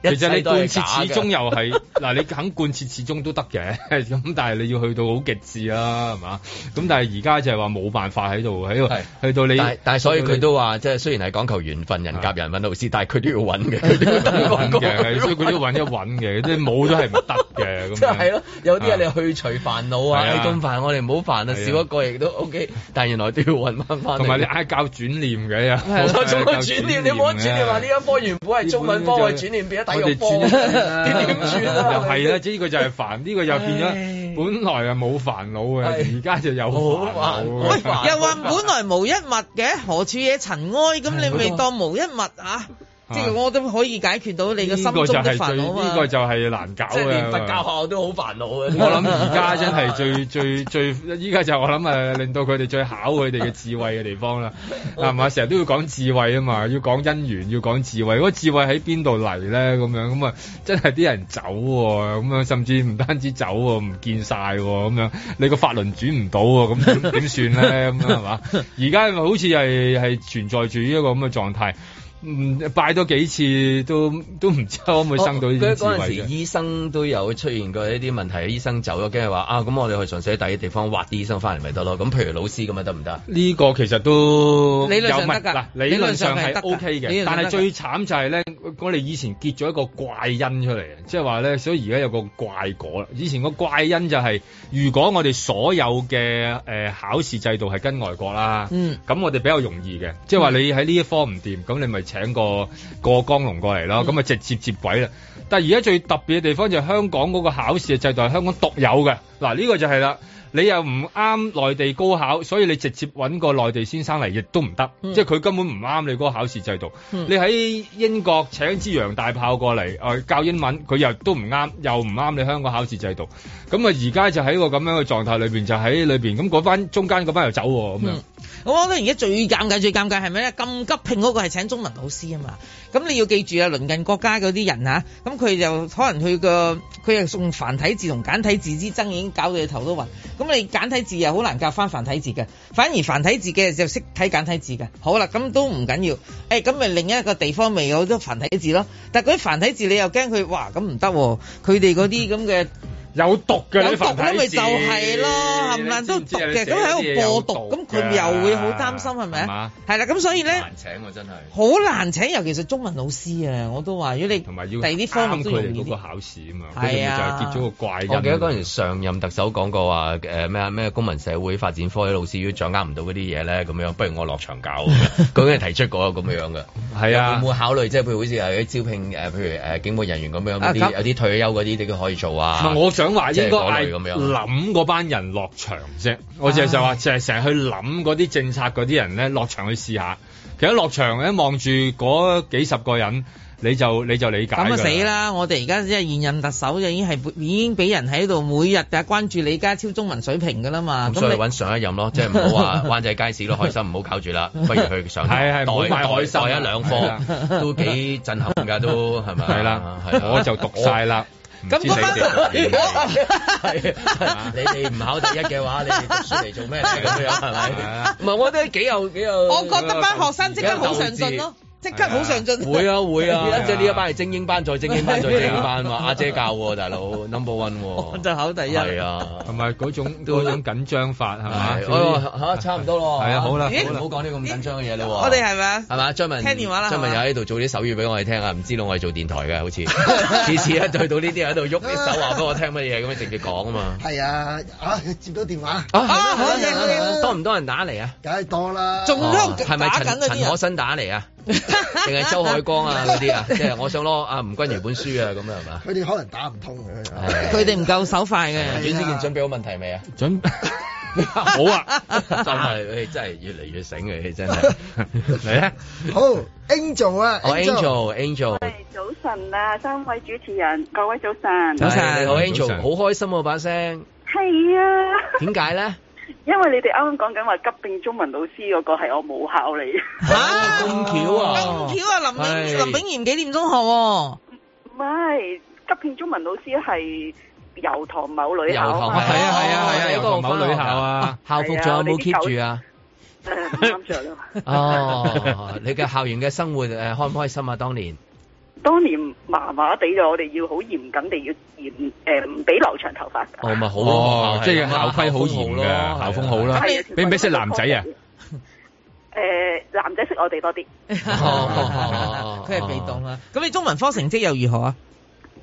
其實你貫徹始終又係嗱， 你肯貫徹始終都得嘅，咁 但係你要去到好極致啦、啊，係嘛？咁但係而家就係話冇辦法喺度，喺度去到你。但係所以佢都話，即 係雖然係講求緣分、人夾、人揾老師，但係佢都要搵嘅，佢都要佢 都要 都找一搵嘅，即係冇都係唔 得嘅。即係係咯， 有啲嘢你去除煩惱啊，你咁煩，哎、煩我哋唔好煩啊，少一個亦都 O K。但係原來都要揾翻。同埋你嗌教轉念嘅又。我仲要轉念， 你冇得轉念話、啊、呢 一科原本係中文科，我轉念我哋轉一 轉啦，又係啦，呢個就係煩，呢個又變咗，本來又冇煩惱嘅，而家就有煩惱。喂，又話本來無一物嘅，何處惹塵埃？咁你未當無一物啊？即係我都可以解決到你個心中的煩惱嘛？呢、啊啊這個就係、這個、難搞嘅，即係連佛教學校都好煩惱嘅。我諗而家真係最最最，依 家就是我諗令到佢哋最考佢哋嘅智慧嘅地方啦，係 嘛？成日都要講智慧啊嘛，要講姻緣，要講智慧。嗰智慧喺邊度嚟咧？咁樣咁啊，真係啲人走喎，咁樣甚至唔單止走喎，唔見曬喎，咁樣你個法輪轉唔到喎，咁點算咧？咁樣係嘛？而家好似係係存在住呢一個咁嘅狀態。嗯，拜多幾次都都唔知可唔可以生到呢啲智慧。嗰陣時醫生都有出現過一啲問題，醫生走咗，驚係話啊，咁我哋去純粹第二地方挖啲醫生翻嚟咪得咯。咁譬如老師咁咪得唔得？呢、這個其實都理論上得，理論上係 OK 嘅。但係最慘就係咧，我哋以前結咗一個怪因出嚟，即係話咧，所以而家有個怪果啦。以前個怪因就係、是、如果我哋所有嘅誒、呃、考試制度係跟外國啦，咁、嗯、我哋比較容易嘅，即係話你喺呢一科唔掂，咁、嗯、你咪。請個過江龍過嚟啦，咁啊直接接軌啦。但係而家最特別嘅地方就係香港嗰個考試嘅制度係香港獨有嘅。嗱，呢個就係啦，你又唔啱內地高考，所以你直接搵個內地先生嚟，亦都唔得，即係佢根本唔啱你嗰個考試制度。嗯、你喺英國請支洋大炮過嚟、呃、教英文，佢又都唔啱，又唔啱你香港考試制度。咁啊，而家就喺個咁樣嘅狀態裏邊，就喺裏邊咁嗰班中間嗰班又走咁、啊、樣。嗯我覺得而家最尷尬最尷尬係咩咧？咁急聘嗰個係請中文老師啊嘛，咁你要記住啊，鄰近國家嗰啲人嚇，咁、啊、佢就可能佢個佢係用繁體字同簡體字之爭已經搞到你頭都暈，咁你簡體字又好難夾翻繁體字嘅，反而繁體字嘅就識睇簡體字嘅。好啦，咁都唔緊要，咁、哎、咪另一個地方咪有好多繁體字咯，但嗰啲繁體字你又驚佢，哇咁唔得喎，佢哋嗰啲咁嘅。有毒嘅，有毒咧，咪就係咯，冚唪唥都毒嘅，咁喺度播毒，咁佢又會好擔心，係咪啊？係啦，咁所以咧，好難請，真係好難請，尤其是中文老師啊，我都話，如果你第二啲方面都要做個考試啊嘛，就啊，接咗個怪。我記得嗰陣時上任特首講過話，咩、呃、咩公民社會發展科啲老師都掌握唔到嗰啲嘢咧，咁樣不如我落場搞，佢已經提出過咁樣嘅，係啊，會唔會考慮即係譬如好似招聘譬如警務人員咁樣，啊、有啲、啊、有啲退休嗰啲你都可以做啊。咁話應該係諗嗰班人落場啫，我淨係就話淨係成日去諗嗰啲政策嗰啲人咧落場去試下。其實落場呢，望住嗰幾十個人，你就你就理解。咁死啦！我哋而家即係現任特首，就已經係已經俾人喺度每日關注李家超中文水平噶啦嘛。咁所以搵上一任咯，即係唔好話灣仔街市都開心唔好搞住啦，不如去上海代，代，代，代，代，代一兩課都幾震撼噶都係咪？係啦，我就讀晒啦。咁係係，我我 是 你哋唔考第一嘅話，你哋讀書嚟做咩咁樣係咪？唔 係是吧， 我覺得幾有幾有，我覺得班學生即刻好上進咯。即刻好上進，啊，會啊會啊！啊啊即係呢一班係精英班，再精英班，再精英班。阿，啊啊、姐教我，大佬 number one，真係考第一。係啊，同埋嗰種嗰，啊、種緊張法係咪？哦，啊、吓，啊啊啊、差唔多咯，係啊，好啦，嗯嗯，好唔好講啲咁緊張嘅嘢啦。我哋係咪啊？係嘛？張文，聽電話啦！張文又喺度做啲手語俾我哋聽啊！唔知咯，我係做電台嘅，好似次次一去到呢啲人喺度喐啲手話俾我聽乜嘢，咁樣直接講啊嘛。係啊，接到電話多唔多人打嚟啊？梗係多啦！仲香係咪陳陳可辛打嚟啊？定係周海光啊嗰啲啊，即係我想攞阿吳君如本書啊咁啊係嘛？佢哋可能打唔通嘅，佢哋唔夠手快嘅。袁子健準備好問題未啊？準好啊，真係真係越嚟越醒嘅，真係。嚟啦！好 Angel 啊，Angel，Angel。早晨啊，三位主持人，各位早晨。早晨，好 Angel，好開心啊把聲。係啊。點解咧？因為你哋啱啱講緊話急聘中文老師嗰個係我母校嚟，嘅。咁巧啊，咁 巧啊，啊，啊，啊，啊，林林炳賢紀念中學，唔係急聘中文老師係油塘某女校，係啊係啊係啊，油塘某女校啊，啊啊啊啊校，啊啊啊啊校服仲有冇 keep 住啊？誒，啱 哦、 啊，你嘅校園嘅生活誒， 開唔開心啊？當年？當年麻麻地，咗，我哋要好嚴謹地要嚴誒，唔俾留長頭髮。哦，咪好、啊哦啊、即係校規好嚴咯，校風好啦、啊。係、啊，俾唔俾識男仔啊？誒、呃，男仔識我哋多啲。佢、哦、係、哦、 被動啦。咁、哦哦、你中文科成績又如何啊？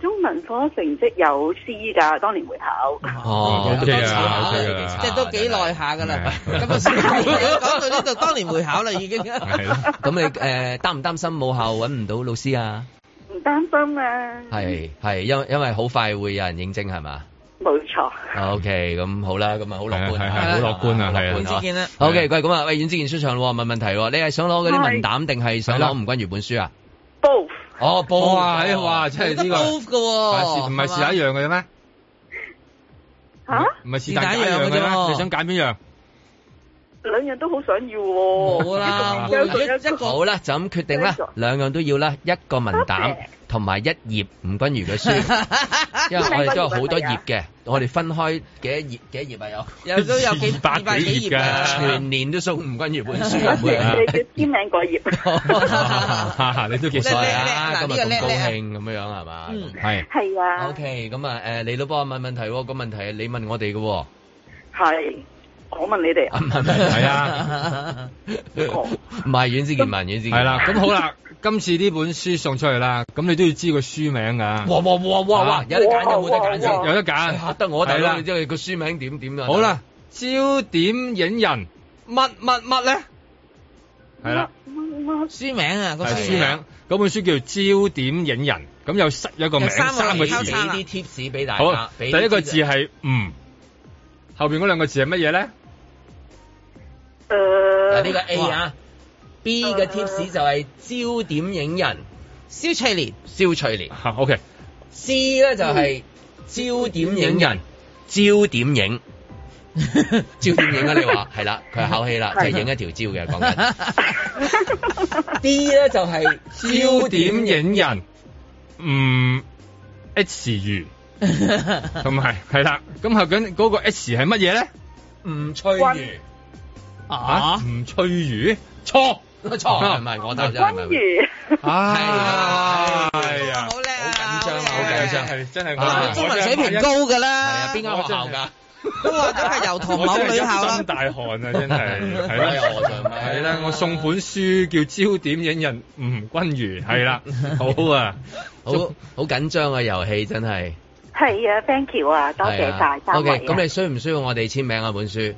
中文科成績有 C 噶，當年會考。哦 okay, okay, okay 即係都幾耐下噶啦。咁啊，講 到呢度，當年會考啦，已經。係 咯 。咁你誒擔唔擔心母校搵唔到老師啊？唔擔心啊！係係，因因為好快會有人應徵係嘛？冇錯。OK，咁好啦，咁啊好樂觀啊，好樂觀啊，遠志健啦。OK，咁啊，喂，演之健出場咯，問問題，你係想攞嗰啲文膽定係想攞吳君如本書啊 Both 哦 Both 啊、哎！哇，真係呢、呢個喎，唔係試下一樣嘅啫咩？吓？唔係試下一樣嘅啫咩？你想揀邊樣？兩樣都好想要，冇啦，有兩一個好啦，就咁決定啦，兩樣都要啦，一個文膽同埋一頁吳君如嘅書，因為我哋都有好多頁嘅，我哋分開幾多頁？幾多頁啊？有有有幾百幾頁噶，全年都送吳君如本書嘅，叫簽名個頁，你都幾帥啊！今日咁高興咁樣樣係嘛？係係啊，OK，咁啊，誒，你都幫我問問題，個問題你問我哋嘅，係。我問你哋，唔係唔係啊，唔係影子見 文，影子係啦。咁、啊、好啦， 今次呢本書送出去啦，咁你都要知個書名噶、啊。哇哇哇哇、啊、哇，有得揀有冇得揀先，有得揀吓得我睇啦。即係個書名點點啊？好啦，焦點影人，乜乜乜咧？係啦，乜書名啊？係書名，嗰、啊、本書叫焦點影人，咁又失一個名三個，三個字。俾啲 tips 俾大家。好啦，第一個字係唔、嗯，後邊嗰兩個字係乜嘢咧？嗱、uh, 呢個 A 啊，B 嘅 tips 就係焦點影人，uh, okay. 肖翠蓮，肖翠蓮，OK。C 咧就係焦點影人，焦點影， 焦點影啊！ 你話係啦，佢係口氣啦，就係、是、影一條焦嘅講緊。D 咧就係焦點影人，唔翠、嗯、如，唔 係，係啦。咁究竟嗰個 S 係乜嘢咧？吳翠如。 啊？吳翠如？錯，錯，唔係我得啫，唔係，君如，係啊，係、哦那個、啊，啊，啊，啊，啊，啊，好靚，好緊張啊，好緊張，係、啊、真係、啊。中文水平高噶啦，邊間、啊、學校噶？都係、 啊、由同某女校、啊、大汗啊，真係，係 啦、啊啊啊啊，我送本書、啊、叫《焦點影人》嗯，吳君如，係啦，好啊，好好緊張個遊戲，真係。係啊，thank you 啊，多謝大家 O K，咁你需唔需要我哋簽名啊？本書？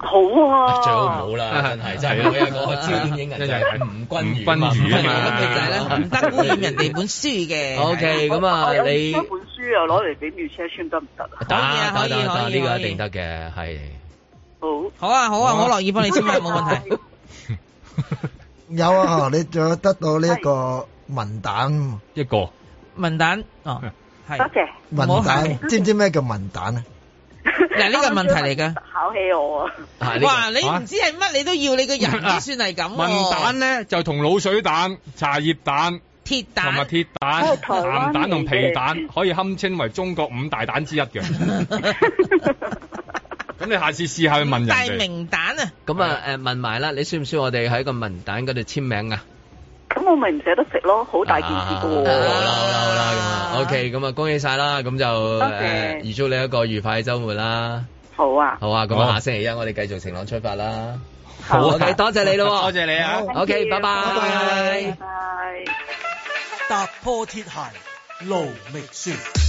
好啊，最好唔好啦，係真係，因為嗰個焦點影銀就係吳君君，君如啊嘛，咁你就咧唔得污染人哋本書嘅。O K，咁啊，你本書又攞嚟俾妙車簽得唔得啊？得得得，呢、啊啊這個一定得嘅，係。好，好啊，啊啊這個、好啊，我樂意幫你簽啊，冇問題。有啊，你仲有得到呢一個文蛋一個。文蛋哦，係。多謝。文蛋，知唔知咩叫文蛋啊？嗱，呢個問題嚟㗎，考起我啊！哇，你唔知係乜你都要你，你個人算係咁啊。問蛋咧就同鹵水蛋、茶葉蛋、鐵蛋同埋鐵蛋、鹹蛋同皮蛋可以堪稱為中國五大蛋之一嘅。咁 你下次試下去問人。大明蛋啊！咁啊，誒問埋啦，你需唔需要我哋喺個問蛋嗰度簽名啊？我咪唔捨得食咯，好大件事噶喎，哦。好啦好啦好啦，咁啊，OK，咁啊，恭喜晒啦，咁就，多謝、呃、預祝你一個愉快嘅週末啦。好啊，好啊，咁啊，下星期一我哋繼續晴朗出發啦。好啊，好啊，OK，多謝你咯，多謝你啊，OK，拜拜，拜拜。踏破鐵鞋路未絕。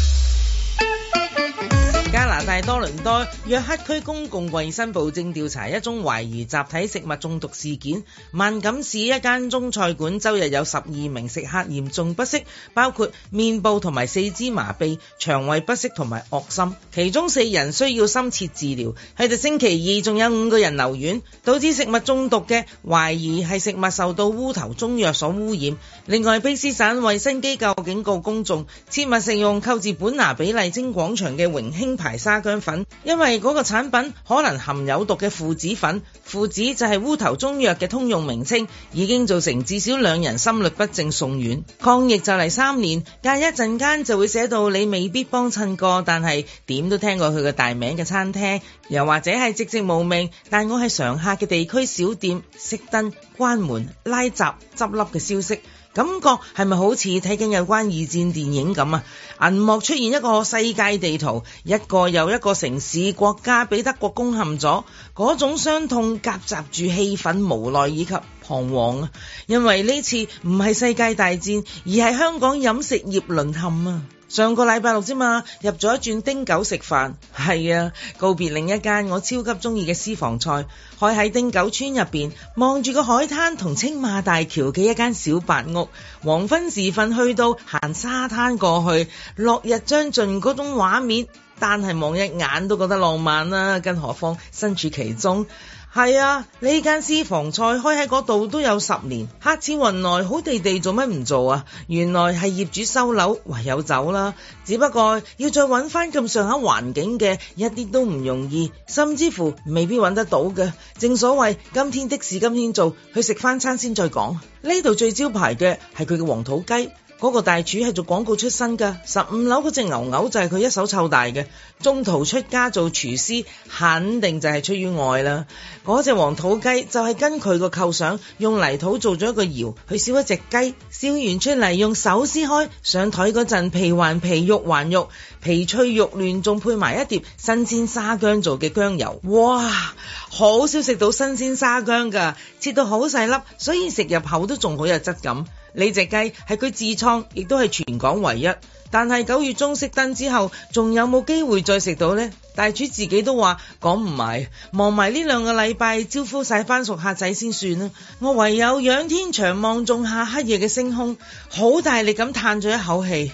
大多倫多約克區公共衛生部正調查一宗懷疑集體食物中毒事件。萬錦市一間中菜館周日有十二名食客嚴重不適，包括面部同埋四肢麻痹、腸胃不適同埋噁心，其中四人需要深切治療。喺度星期二仲有五個人留院。導致食物中毒嘅懷疑係食物受到烏頭中藥所污染。另外，卑詩省衛生機構警告公眾切勿食用購自本拿比麗晶廣場嘅榮興牌花薑粉，因為嗰個產品可能含有毒嘅附子粉，附子就係烏頭中藥嘅通用名稱，已經造成至少兩人心律不正送院。抗疫就嚟三年，隔一陣間就會寫到你未必幫襯過，但係點都聽過佢個大名嘅餐廳，又或者係寂寂無名，但我係常客嘅地區小店熄燈、關門、拉閘、執笠嘅消息。感覺係咪好似睇緊有關二戰電影咁啊？銀幕出現一個世界地圖，一個又一個城市國家畀德國攻陷咗，嗰種傷痛夾雜住氣憤、無奈以及彷徨啊！因為呢次唔係世界大戰，而係香港飲食業淪陷啊！上個禮拜六啫嘛，入咗轉汀九食飯，係啊，告別另一間我超級鍾意嘅私房菜，開喺汀九村入邊，望住個海灘同青馬大橋嘅一間小白屋，黃昏時分去到，行沙灘過去，落日將盡嗰種畫面，但係望一眼都覺得浪漫啦，更何況身處其中。係啊，呢間私房菜開喺嗰度都有十年，黑似雲來好地地做乜唔做啊？原來係業主收樓，唯有走啦。只不過要再搵翻咁上下環境嘅，一啲都唔容易，甚至乎未必搵得到嘅。正所謂，今天的事今天做，去食翻餐先再講。呢度最招牌嘅係佢嘅黃土雞。嗰、那個大廚係做廣告出身噶，十五樓嗰隻牛牛就係佢一手湊大嘅，中途出家做廚師，肯定就係出於愛啦。嗰隻黃土雞就係跟佢個構想，用泥土做咗一個窑，去燒一隻雞，燒完出嚟用手撕開上台嗰陣，皮還皮，肉還肉。皮脆肉嫩仲配埋一碟新鮮沙姜做嘅姜油，哇！好少食到新鮮沙姜噶，切到好細粒，所以食入口都仲好有質感。呢隻雞係佢自創，亦都係全港唯一。但係九月中熄燈之後，仲有冇機會再食到呢？大廚自己都話講唔埋，忙埋呢兩個禮拜招呼晒返熟客仔先算啦。我唯有仰天長望仲夏黑夜嘅星空，好大力咁嘆咗一口氣。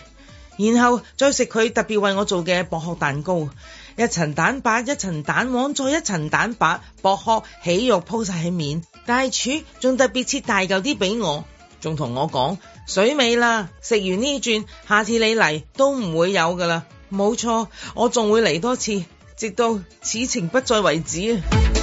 然後再食佢特別為我做嘅薄殼蛋糕，一層蛋白一層蛋黃再一層蛋白薄殼起肉鋪晒喺面，大廚仲特別切大嚿啲俾我，仲同我講水尾啦，食完呢轉，下次你嚟都唔會有㗎喇，冇錯，我仲會嚟多次，直到此情不再為止啊！